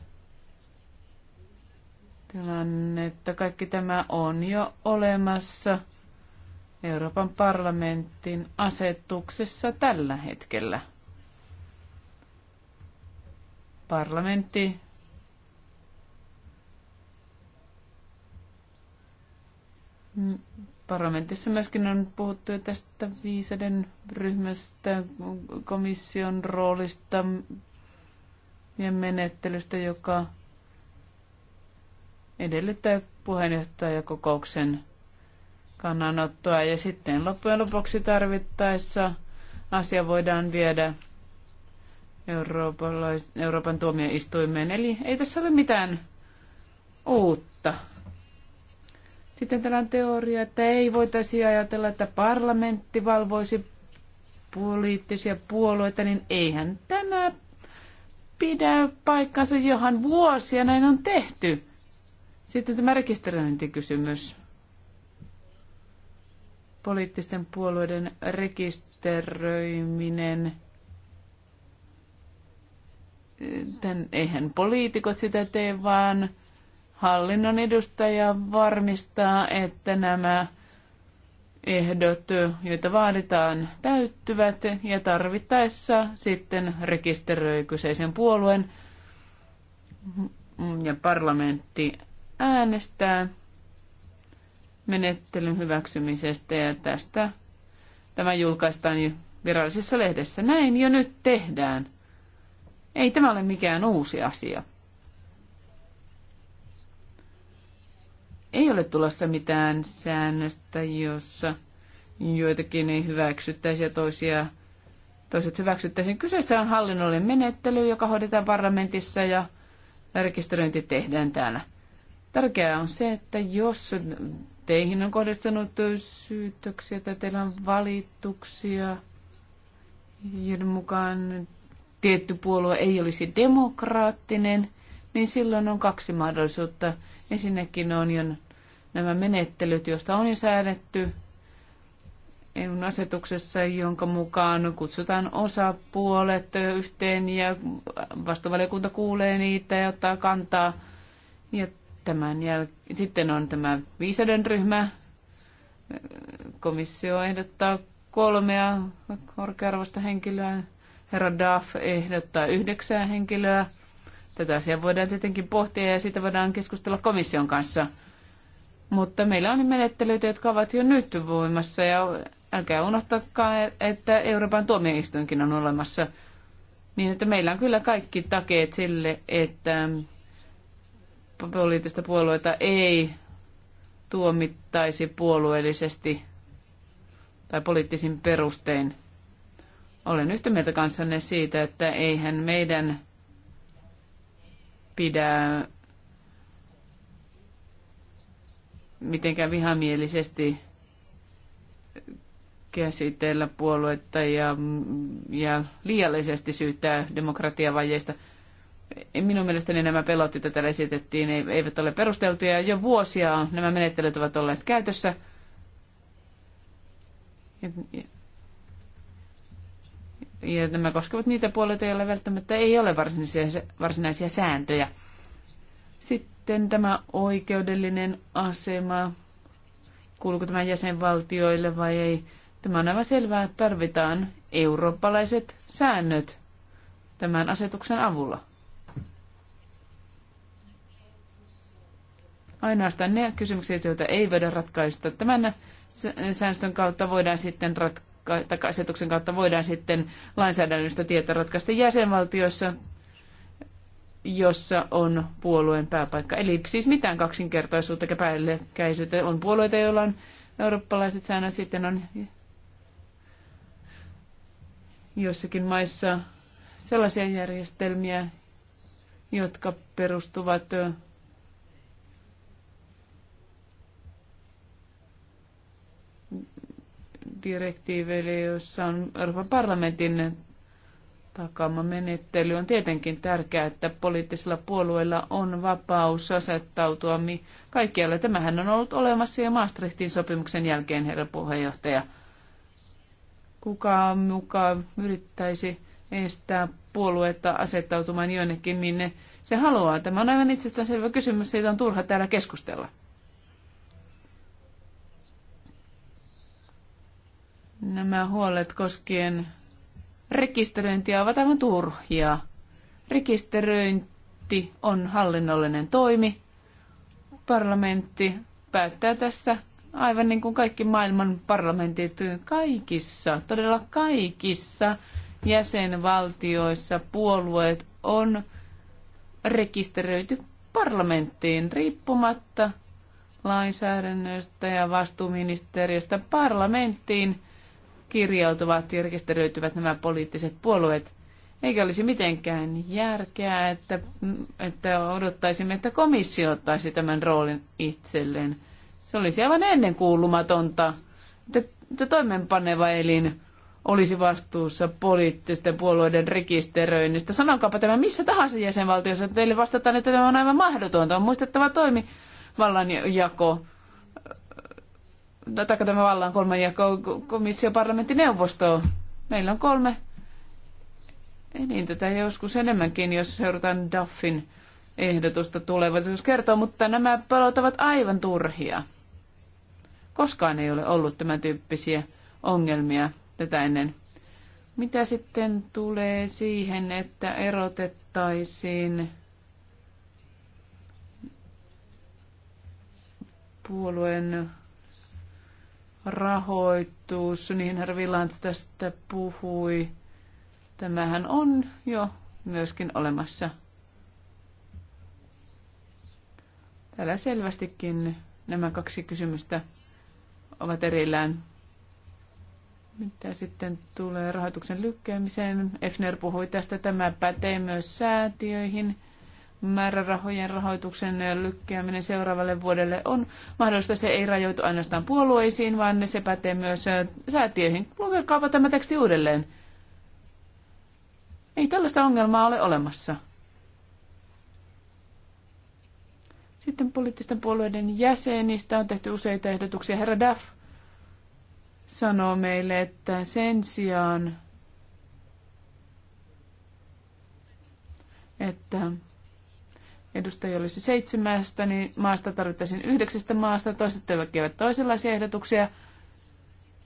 tilannetta. Kaikki tämä on jo olemassa Euroopan parlamentin asetuksessa tällä hetkellä. Parlamentti Parlamentissa myöskin on puhuttu tästä viisaden ryhmästä, komission roolista, ja menettelystä, joka edellyttää kokouksen kannanottoa. Ja sitten loppujen lopuksi tarvittaessa asia voidaan viedä Euroopan tuomioistuimeen. Eli ei tässä ole mitään uutta. Sitten tällainen teoria, että ei voitaisi ajatella, että parlamentti valvoisi poliittisia puolueita, niin eihän tämä pidä paikkansa, johan vuosia näin on tehty. Sitten tämä rekisteröintikysymys. Poliittisten puolueiden rekisteröiminen. Tän, eihän poliitikot sitä tee, vaan hallinnon edustaja varmistaa, että nämä ehdot, joita vaaditaan, täyttyvät ja tarvittaessa sitten rekisteröi kyseisen puolueen mm, ja parlamentti äänestää menettelyn hyväksymisestä ja tästä tämä julkaistaan virallisessa lehdessä. Näin jo nyt tehdään. Ei tämä ole mikään uusi asia. ei ole tulossa mitään säännöstä, jossa joitakin ei hyväksyttäisi ja toisia, toiset hyväksyttäisiin. Kyseessä on hallinnollinen menettely, joka hoidetaan parlamentissa ja rekisteröinti tehdään täällä. Tärkeää on se, että jos teihin on kohdistunut syytöksiä tai teillä on valituksia, joiden mukaan tietty puolue ei olisi demokraattinen – niin silloin on kaksi mahdollisuutta. Ensinnäkin on jo nämä menettelyt, joista on jo säädetty EUn asetuksessa, jonka mukaan kutsutaan osapuolet yhteen ja vastuvaliokunta kuulee niitä ja ottaa kantaa. Ja tämän jäl- sitten on tämä viisauden ryhmä. Komissio ehdottaa kolmea korkearvoista henkilöä. Herra Duff ehdottaa yhdeksää henkilöä. Tätä asiaa voidaan tietenkin pohtia ja siitä voidaan keskustella komission kanssa. Mutta meillä on menettelyitä, jotka ovat jo nyt voimassa ja älkää unohtakaa, että Euroopan tuomioistuinkin on olemassa. Niin, että meillä on kyllä kaikki takeet sille, että poliittista puolueita ei tuomittaisi puolueellisesti tai poliittisin perustein. Olen yhtä mieltä kanssanne siitä, että eihän meidän pidä mitenkään vihamielisesti käsitellä puoluetta ja, ja liiallisesti syyttää demokratiavajeista. Minun mielestäni nämä pelot, joita täällä esitettiin, eivät ole perusteltuja. Jo vuosia nämä menettelyt ovat olleet käytössä. Ja nämä koskevat niitä puoleita, joilla välttämättä ei ole varsinaisia, varsinaisia sääntöjä. Sitten tämä oikeudellinen asema, kuuluuko tämä jäsenvaltioille vai ei. Tämä on aivan selvää, että tarvitaan eurooppalaiset säännöt tämän asetuksen avulla. Ainoastaan ne kysymykset, joita ei voida ratkaista tämän säännöstön kautta, voidaan sitten ratkaista tai asetuksen kautta voidaan sitten lainsäädännöstä tietä ratkaista jäsenvaltiossa, jossa on puolueen pääpaikka. Eli siis mitään kaksinkertaisuutta ja päällekkäisyyttä. On puolueita, joilla on eurooppalaiset säännöt, sitten on jossakin maissa sellaisia järjestelmiä, jotka perustuvat direktiiveille, joissa on Euroopan parlamentin takaama menettely. On tietenkin tärkeää, että poliittisilla puolueilla on vapaus asettautua kaikkialle. Tämähän on ollut olemassa jo Maastrichtin sopimuksen jälkeen, herra puheenjohtaja. Kuka mukaan yrittäisi estää puoluetta asettautumaan jonnekin, minne se haluaa. Tämä on aivan itsestäänselvä kysymys, siitä on turha täällä keskustella. Nämä huolet koskien rekisteröintiä ovat aivan turhia. Rekisteröinti on hallinnollinen toimi. Parlamentti päättää tässä aivan niin kuin kaikki maailman parlamentit kaikissa, todella kaikissa jäsenvaltioissa puolueet on rekisteröity parlamenttiin riippumatta lainsäädännöstä ja vastuuministeriöstä parlamenttiin kirjautuvat ja rekisteröityvät nämä poliittiset puolueet. Eikä olisi mitenkään järkeä, että, että odottaisimme, että komissio ottaisi tämän roolin itselleen. Se olisi aivan ennenkuulumatonta, että, että toimenpaneva elin olisi vastuussa poliittisten puolueiden rekisteröinnistä. Sanokaapa tämä missä tahansa jäsenvaltiossa, että teille vastataan, että tämä on aivan mahdotonta. On muistettava toimivallan jako no, taikka tämä vallan kolmenjako komissio, parlamentti, neuvosto. Meillä on kolme niin, tätä joskus enemmänkin, jos seurataan Duffin ehdotusta tulevaisuus kertoo, mutta nämä palot ovat aivan turhia. Koskaan ei ole ollut tämän tyyppisiä ongelmia tätä ennen. Mitä sitten tulee siihen, että erotettaisiin puolueen rahoitus, niin herra Villans tästä puhui. Tämähän on jo myöskin olemassa. Täällä selvästikin nämä kaksi kysymystä ovat erillään. Mitä sitten tulee rahoituksen lykkäämiseen? Efner puhui tästä. Tämä pätee myös säätiöihin määrärahojen rahoituksen lykkääminen seuraavalle vuodelle on mahdollista. Se ei rajoitu ainoastaan puolueisiin, vaan se pätee myös äh, säätiöihin. Lukekaapa tämä teksti uudelleen. Ei tällaista ongelmaa ole olemassa. Sitten poliittisten puolueiden jäsenistä on tehty useita ehdotuksia. Herra Duff sanoo meille, että sen sijaan, että edustajia olisi seitsemästä, niin maasta tarvittaisiin yhdeksästä maasta. Toiset tekevät toisenlaisia ehdotuksia.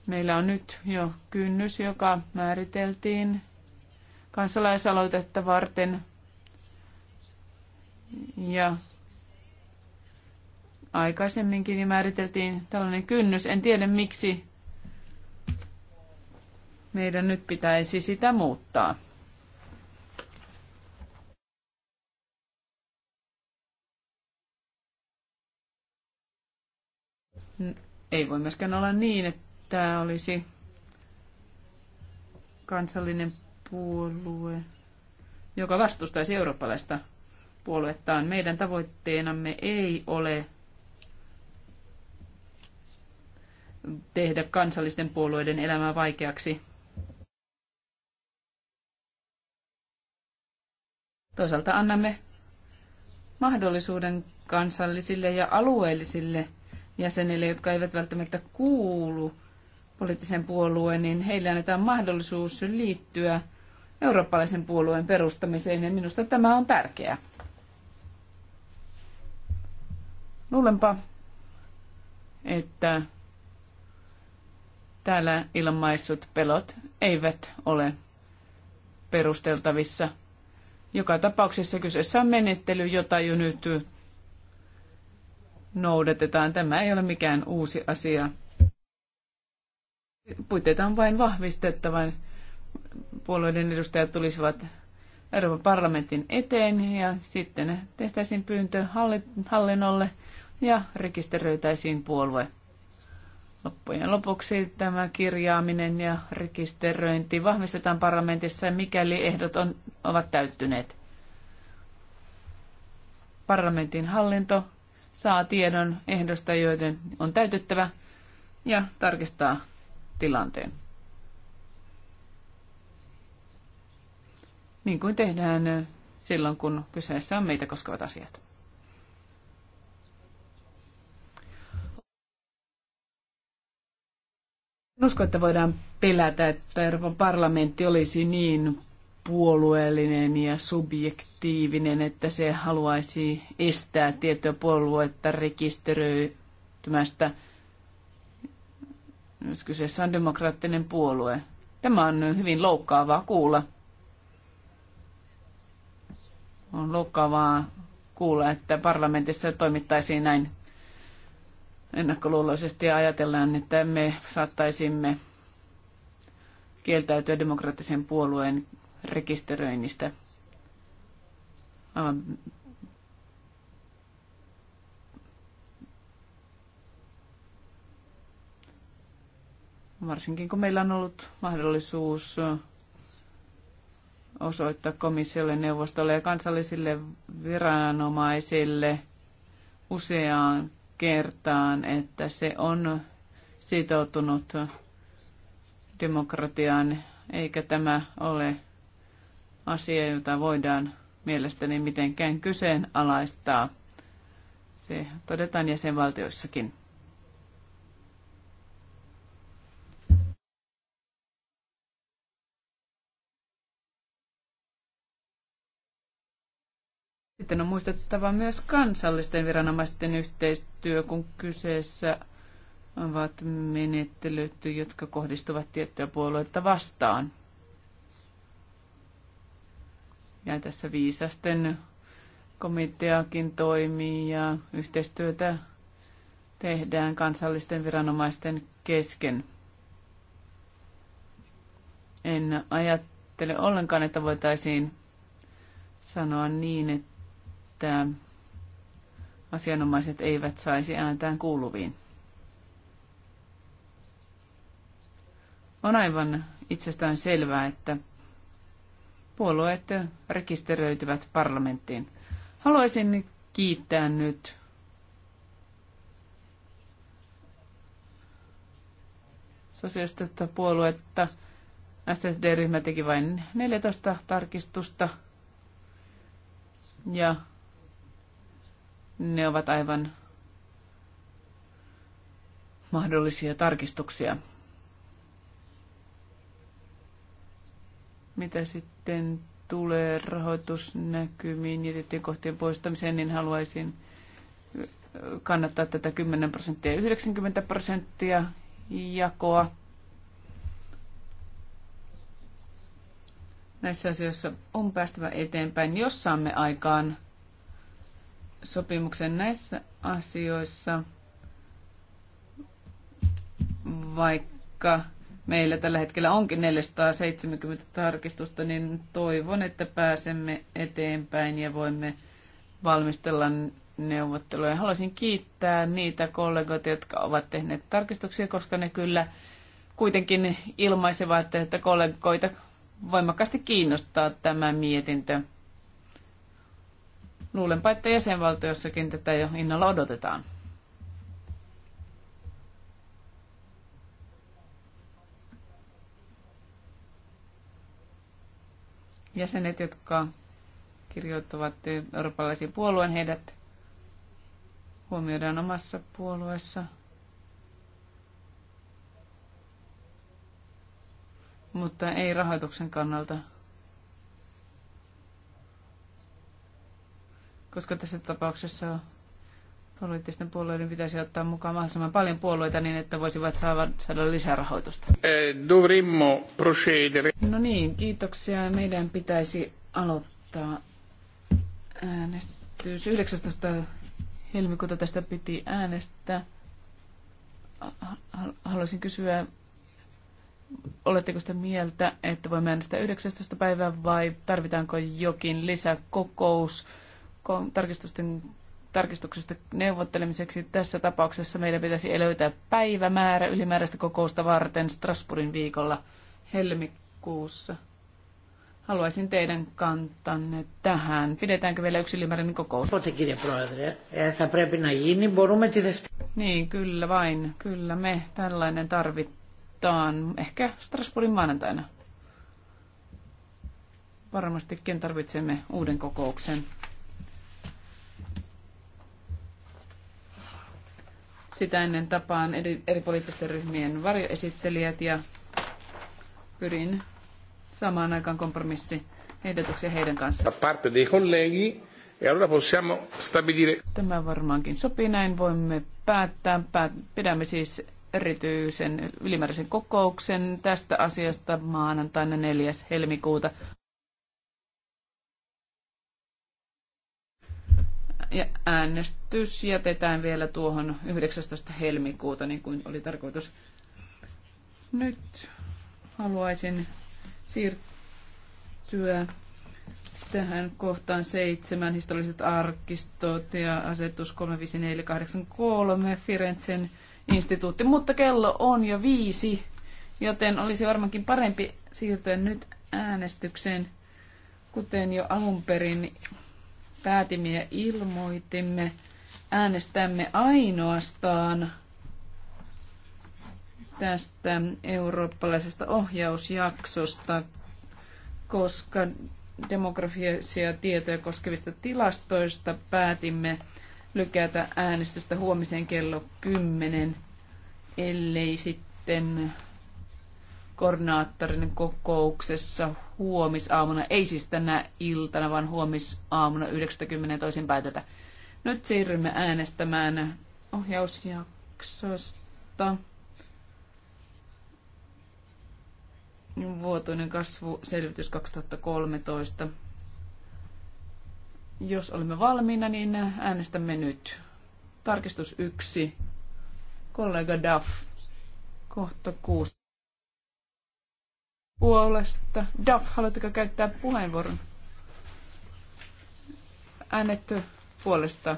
Meillä on nyt jo kynnys, joka määriteltiin kansalaisaloitetta varten. Ja aikaisemminkin määriteltiin tällainen kynnys. En tiedä miksi meidän nyt pitäisi sitä muuttaa. Ei voi myöskään olla niin, että olisi kansallinen puolue, joka vastustaisi eurooppalaista puoluettaan. Meidän tavoitteenamme ei ole tehdä kansallisten puolueiden elämää vaikeaksi. Toisaalta annamme mahdollisuuden kansallisille ja alueellisille jäsenille, jotka eivät välttämättä kuulu poliittiseen puolueen, niin heille annetaan mahdollisuus liittyä eurooppalaisen puolueen perustamiseen, ja minusta tämä on tärkeää. Luulenpa, että täällä ilmaissut pelot eivät ole perusteltavissa. Joka tapauksessa kyseessä on menettely, jota jo nyt noudatetaan. Tämä ei ole mikään uusi asia. Puitteita on vain vahvistettava. Puolueiden edustajat tulisivat Euroopan parlamentin eteen ja sitten tehtäisiin pyyntö hallinnolle ja rekisteröitäisiin puolue. Loppujen lopuksi tämä kirjaaminen ja rekisteröinti vahvistetaan parlamentissa, mikäli ehdot on, ovat täyttyneet. Parlamentin hallinto saa tiedon ehdosta, joiden on täytettävä, ja tarkistaa tilanteen. Niin kuin tehdään silloin, kun kyseessä on meitä koskevat asiat. En usko, että voidaan pelätä, että Euroopan parlamentti olisi niin puolueellinen ja subjektiivinen, että se haluaisi estää tiettyä puoluetta rekisteröitymästä, jos kyseessä on demokraattinen puolue. Tämä on hyvin loukkaavaa kuulla. On loukkaavaa kuulla, että parlamentissa toimittaisiin näin ennakkoluuloisesti ja ajatellaan, että me saattaisimme kieltäytyä demokraattisen puolueen rekisteröinnistä. Varsinkin kun meillä on ollut mahdollisuus osoittaa komissiolle, neuvostolle ja kansallisille viranomaisille useaan kertaan, että se on sitoutunut demokratiaan, eikä tämä ole asia, jota voidaan mielestäni mitenkään kyseenalaistaa. Se todetaan jäsenvaltioissakin. Sitten on muistettava myös kansallisten viranomaisten yhteistyö, kun kyseessä ovat menettelyt, jotka kohdistuvat tiettyä puolueita vastaan. Ja tässä viisasten komiteakin toimii ja yhteistyötä tehdään kansallisten viranomaisten kesken. En ajattele ollenkaan, että voitaisiin sanoa niin, että asianomaiset eivät saisi ääntään kuuluviin. On aivan itsestään selvää, että puolueet rekisteröityvät parlamenttiin. Haluaisin kiittää nyt sosiaalista puoluetta. SSD-ryhmä teki vain 14 tarkistusta ja ne ovat aivan mahdollisia tarkistuksia. Mitä sitten tulee rahoitusnäkymiin tiettyjen kohtien poistamiseen, niin haluaisin kannattaa tätä 10 prosenttia ja 90 prosenttia jakoa. Näissä asioissa on päästävä eteenpäin, jos saamme aikaan sopimuksen näissä asioissa, vaikka meillä tällä hetkellä onkin 470 tarkistusta, niin toivon, että pääsemme eteenpäin ja voimme valmistella neuvotteluja. Haluaisin kiittää niitä kollegoita, jotka ovat tehneet tarkistuksia, koska ne kyllä kuitenkin ilmaisevat, että kollegoita voimakkaasti kiinnostaa tämä mietintö. Luulenpa, että jäsenvaltiossakin tätä jo innolla odotetaan. jäsenet, jotka kirjoittavat eurooppalaisiin puolueen, heidät huomioidaan omassa puolueessa. Mutta ei rahoituksen kannalta. Koska tässä tapauksessa poliittisten puolueiden pitäisi ottaa mukaan mahdollisimman paljon puolueita niin, että voisivat saada lisärahoitusta. Eh, dovremmo procedere. No niin, kiitoksia. Meidän pitäisi aloittaa äänestys. 19. helmikuuta tästä piti äänestää. Haluaisin kysyä, oletteko sitä mieltä, että voimme äänestää 19. päivää vai tarvitaanko jokin lisäkokous tarkistusten tarkistuksesta neuvottelemiseksi. Tässä tapauksessa meidän pitäisi löytää päivämäärä ylimääräistä kokousta varten Strasbourgin viikolla helmikuussa. Haluaisin teidän kantanne tähän. Pidetäänkö vielä yksi ylimääräinen kokous? Niin, kyllä vain. Kyllä me tällainen tarvitaan. Ehkä Strasbourgin maanantaina. Varmastikin tarvitsemme uuden kokouksen. Sitä ennen tapaan eri poliittisten ryhmien varjoesittelijät ja pyrin samaan aikaan kompromissi ehdotuksia heidän kanssaan. Parte dei colleghi, e allora possiamo stabilire... Tämä varmaankin sopii, näin voimme päättää. Päät- pidämme siis erityisen ylimääräisen kokouksen tästä asiasta maanantaina 4. helmikuuta. Ja äänestys jätetään vielä tuohon 19. helmikuuta, niin kuin oli tarkoitus. Nyt haluaisin siirtyä tähän kohtaan seitsemän historialliset arkistot ja asetus 35483 Firenzen instituutti. Mutta kello on jo viisi, joten olisi varmaankin parempi siirtyä nyt äänestykseen, kuten jo alun perin päätimme ja ilmoitimme, äänestämme ainoastaan tästä eurooppalaisesta ohjausjaksosta, koska demografisia tietoja koskevista tilastoista päätimme lykätä äänestystä huomiseen kello 10, ellei sitten koordinaattorin kokouksessa huomisaamuna, ei siis tänä iltana, vaan huomisaamuna 90 toisin päätetä. Nyt siirrymme äänestämään ohjausjaksosta. Vuotuinen kasvu selvitys 2013. Jos olemme valmiina, niin äänestämme nyt. Tarkistus 1. Kollega Duff. Kohta 6 puolesta. Duff, haluatteko käyttää puheenvuoron? Äänetty puolesta.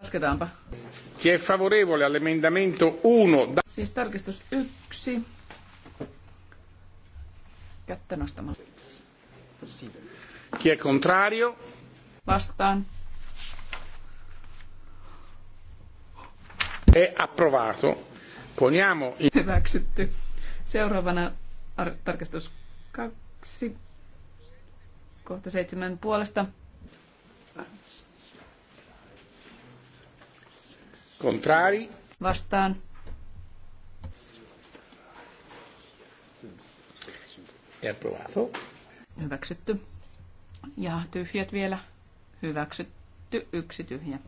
Lasketaanpa. Chi è favorevole all'emendamento 1? Siis tarkistus 1. Kättä nostamalla. Chi è contrario? Vastaan. È approvato Poniamo... Hyväksytty. Seuraavana ar- tarkastus kaksi. Kohta seitsemän puolesta. Contrari. Vastaan. Approvato. Hyväksytty. Ja tyhjät vielä. Hyväksytty. Yksi tyhjä.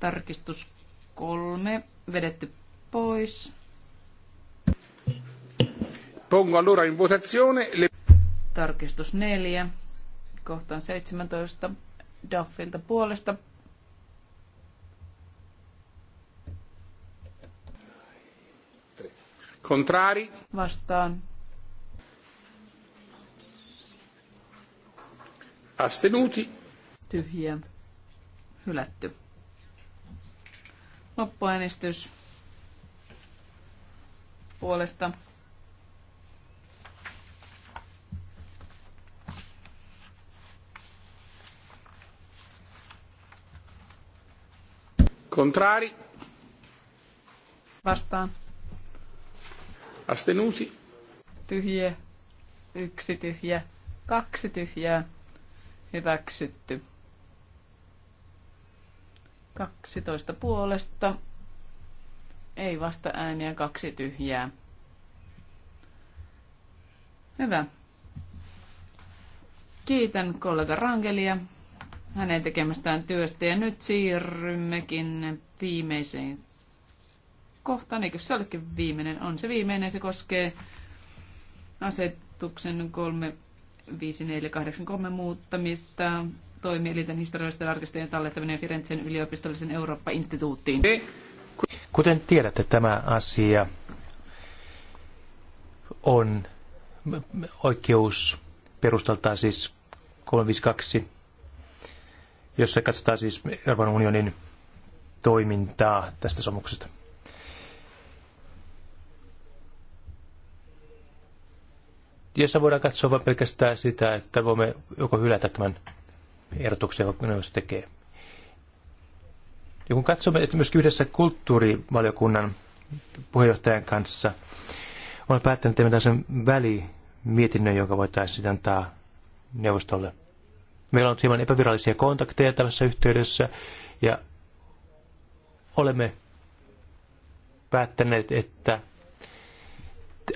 Tarkistus kolme vedetty pois. Pongo allora in votazione le... Tarkistus neljä kohtaan 17 Duffilta puolesta. Contrari. Vastaan. Astenuti. Tyhjä. Hylätty. Loppuäänestys puolesta. Contrari. Vastaan. Astenuti. Tyhjä. Yksi tyhjä. Kaksi tyhjää. Hyväksytty. 12 puolesta. Ei vasta ääniä, kaksi tyhjää. Hyvä. Kiitän kollega Rangelia hänen tekemästään työstä ja nyt siirrymmekin viimeiseen kohtaan. Eikö se olekin viimeinen? On se viimeinen, se koskee asetuksen kolme 5483 muuttamista toimielinten historiallisten arkistojen tallettaminen Firenzen yliopistollisen Eurooppa-instituuttiin. Kuten tiedätte, tämä asia on oikeus perustaltaan siis 352, jossa katsotaan siis Euroopan unionin toimintaa tästä sopimuksesta. jossa voidaan katsoa vain pelkästään sitä, että voimme joko hylätä tämän ehdotuksen, jonka neuvosto tekee. Ja kun katsomme, että myöskin yhdessä kulttuurivaliokunnan puheenjohtajan kanssa olen päättänyt tehdä sen välimietinnön, joka voitaisiin antaa neuvostolle. Meillä on ollut hieman epävirallisia kontakteja tässä yhteydessä ja olemme päättäneet, että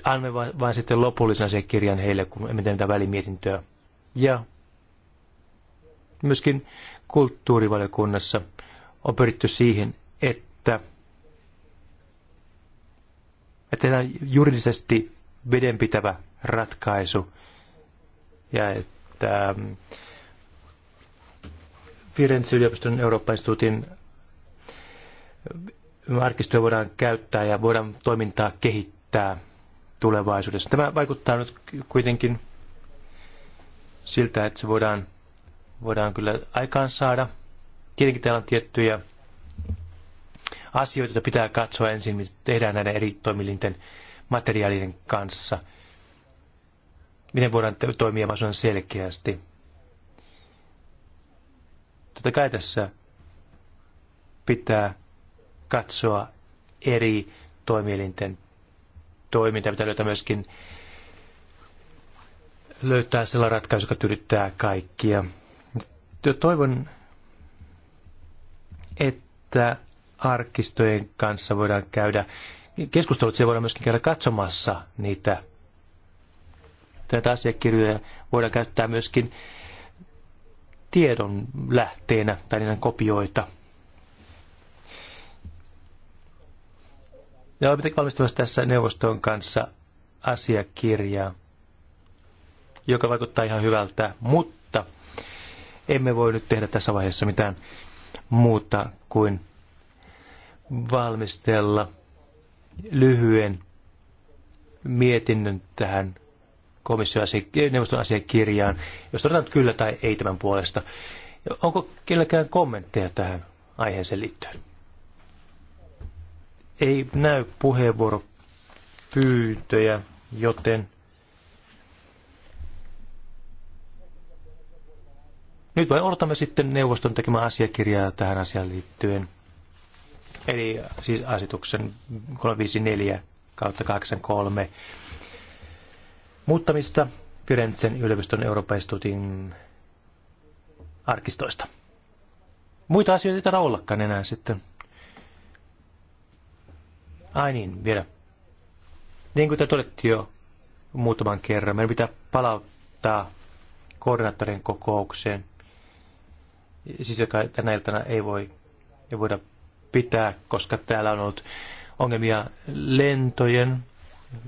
annamme vain, vain sitten lopullisen kirjan heille, kun emme tee mitään välimietintöä. Ja myöskin kulttuurivaliokunnassa on pyritty siihen, että, että tehdään juridisesti vedenpitävä ratkaisu ja että mm, Firenze yliopiston Eurooppa-instituutin mm, arkistoja voidaan käyttää ja voidaan toimintaa kehittää – tulevaisuudessa. Tämä vaikuttaa nyt kuitenkin siltä, että se voidaan, voidaan kyllä aikaan saada. Tietenkin täällä on tiettyjä asioita, joita pitää katsoa ensin, mitä tehdään näiden eri toimilinten materiaalien kanssa. Miten voidaan toimia mahdollisimman selkeästi. Totta kai tässä pitää katsoa eri toimielinten toiminta pitää löytää myöskin löytää sellainen ratkaisu, joka tyydyttää kaikkia. Ja toivon, että arkistojen kanssa voidaan käydä keskustelut, siellä voidaan myöskin käydä katsomassa niitä näitä asiakirjoja voidaan käyttää myöskin tiedon lähteenä tai niiden kopioita. Ja olemme valmistumassa tässä neuvoston kanssa asiakirjaa, joka vaikuttaa ihan hyvältä, mutta emme voi nyt tehdä tässä vaiheessa mitään muuta kuin valmistella lyhyen mietinnön tähän komission asia, neuvoston asiakirjaan, jos todetaan kyllä tai ei tämän puolesta. Onko kenelläkään kommentteja tähän aiheeseen liittyen? ei näy puheenvuoropyyntöjä, joten nyt vain odotamme sitten neuvoston tekemään asiakirjaa tähän asiaan liittyen. Eli siis asetuksen 354 kautta 83 muuttamista Pyrentsen yliopiston Euroopan instituutin arkistoista. Muita asioita ei taida ollakaan enää sitten. Ai niin, vielä. Niin kuin te todettiin jo muutaman kerran, meidän pitää palauttaa koordinaattorin kokoukseen, siis joka tänä iltana ei, voi, ei voida pitää, koska täällä on ollut ongelmia lentojen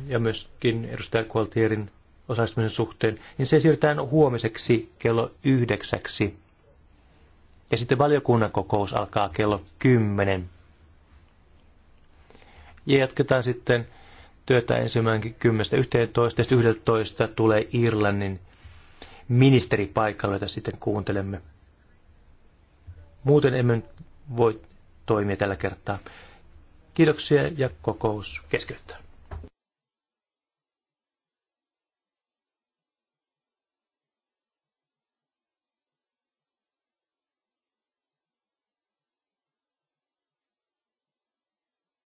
ja myöskin edustaja Kualtierin osallistumisen suhteen, niin se siirretään huomiseksi kello yhdeksäksi. Ja sitten valiokunnan kokous alkaa kello kymmenen. Ja jatketaan sitten työtä ensimmäinen 10. 11. Ja 11. tulee Irlannin ministeri paikalle, jota sitten kuuntelemme. Muuten emme voi toimia tällä kertaa. Kiitoksia ja kokous keskeyttää.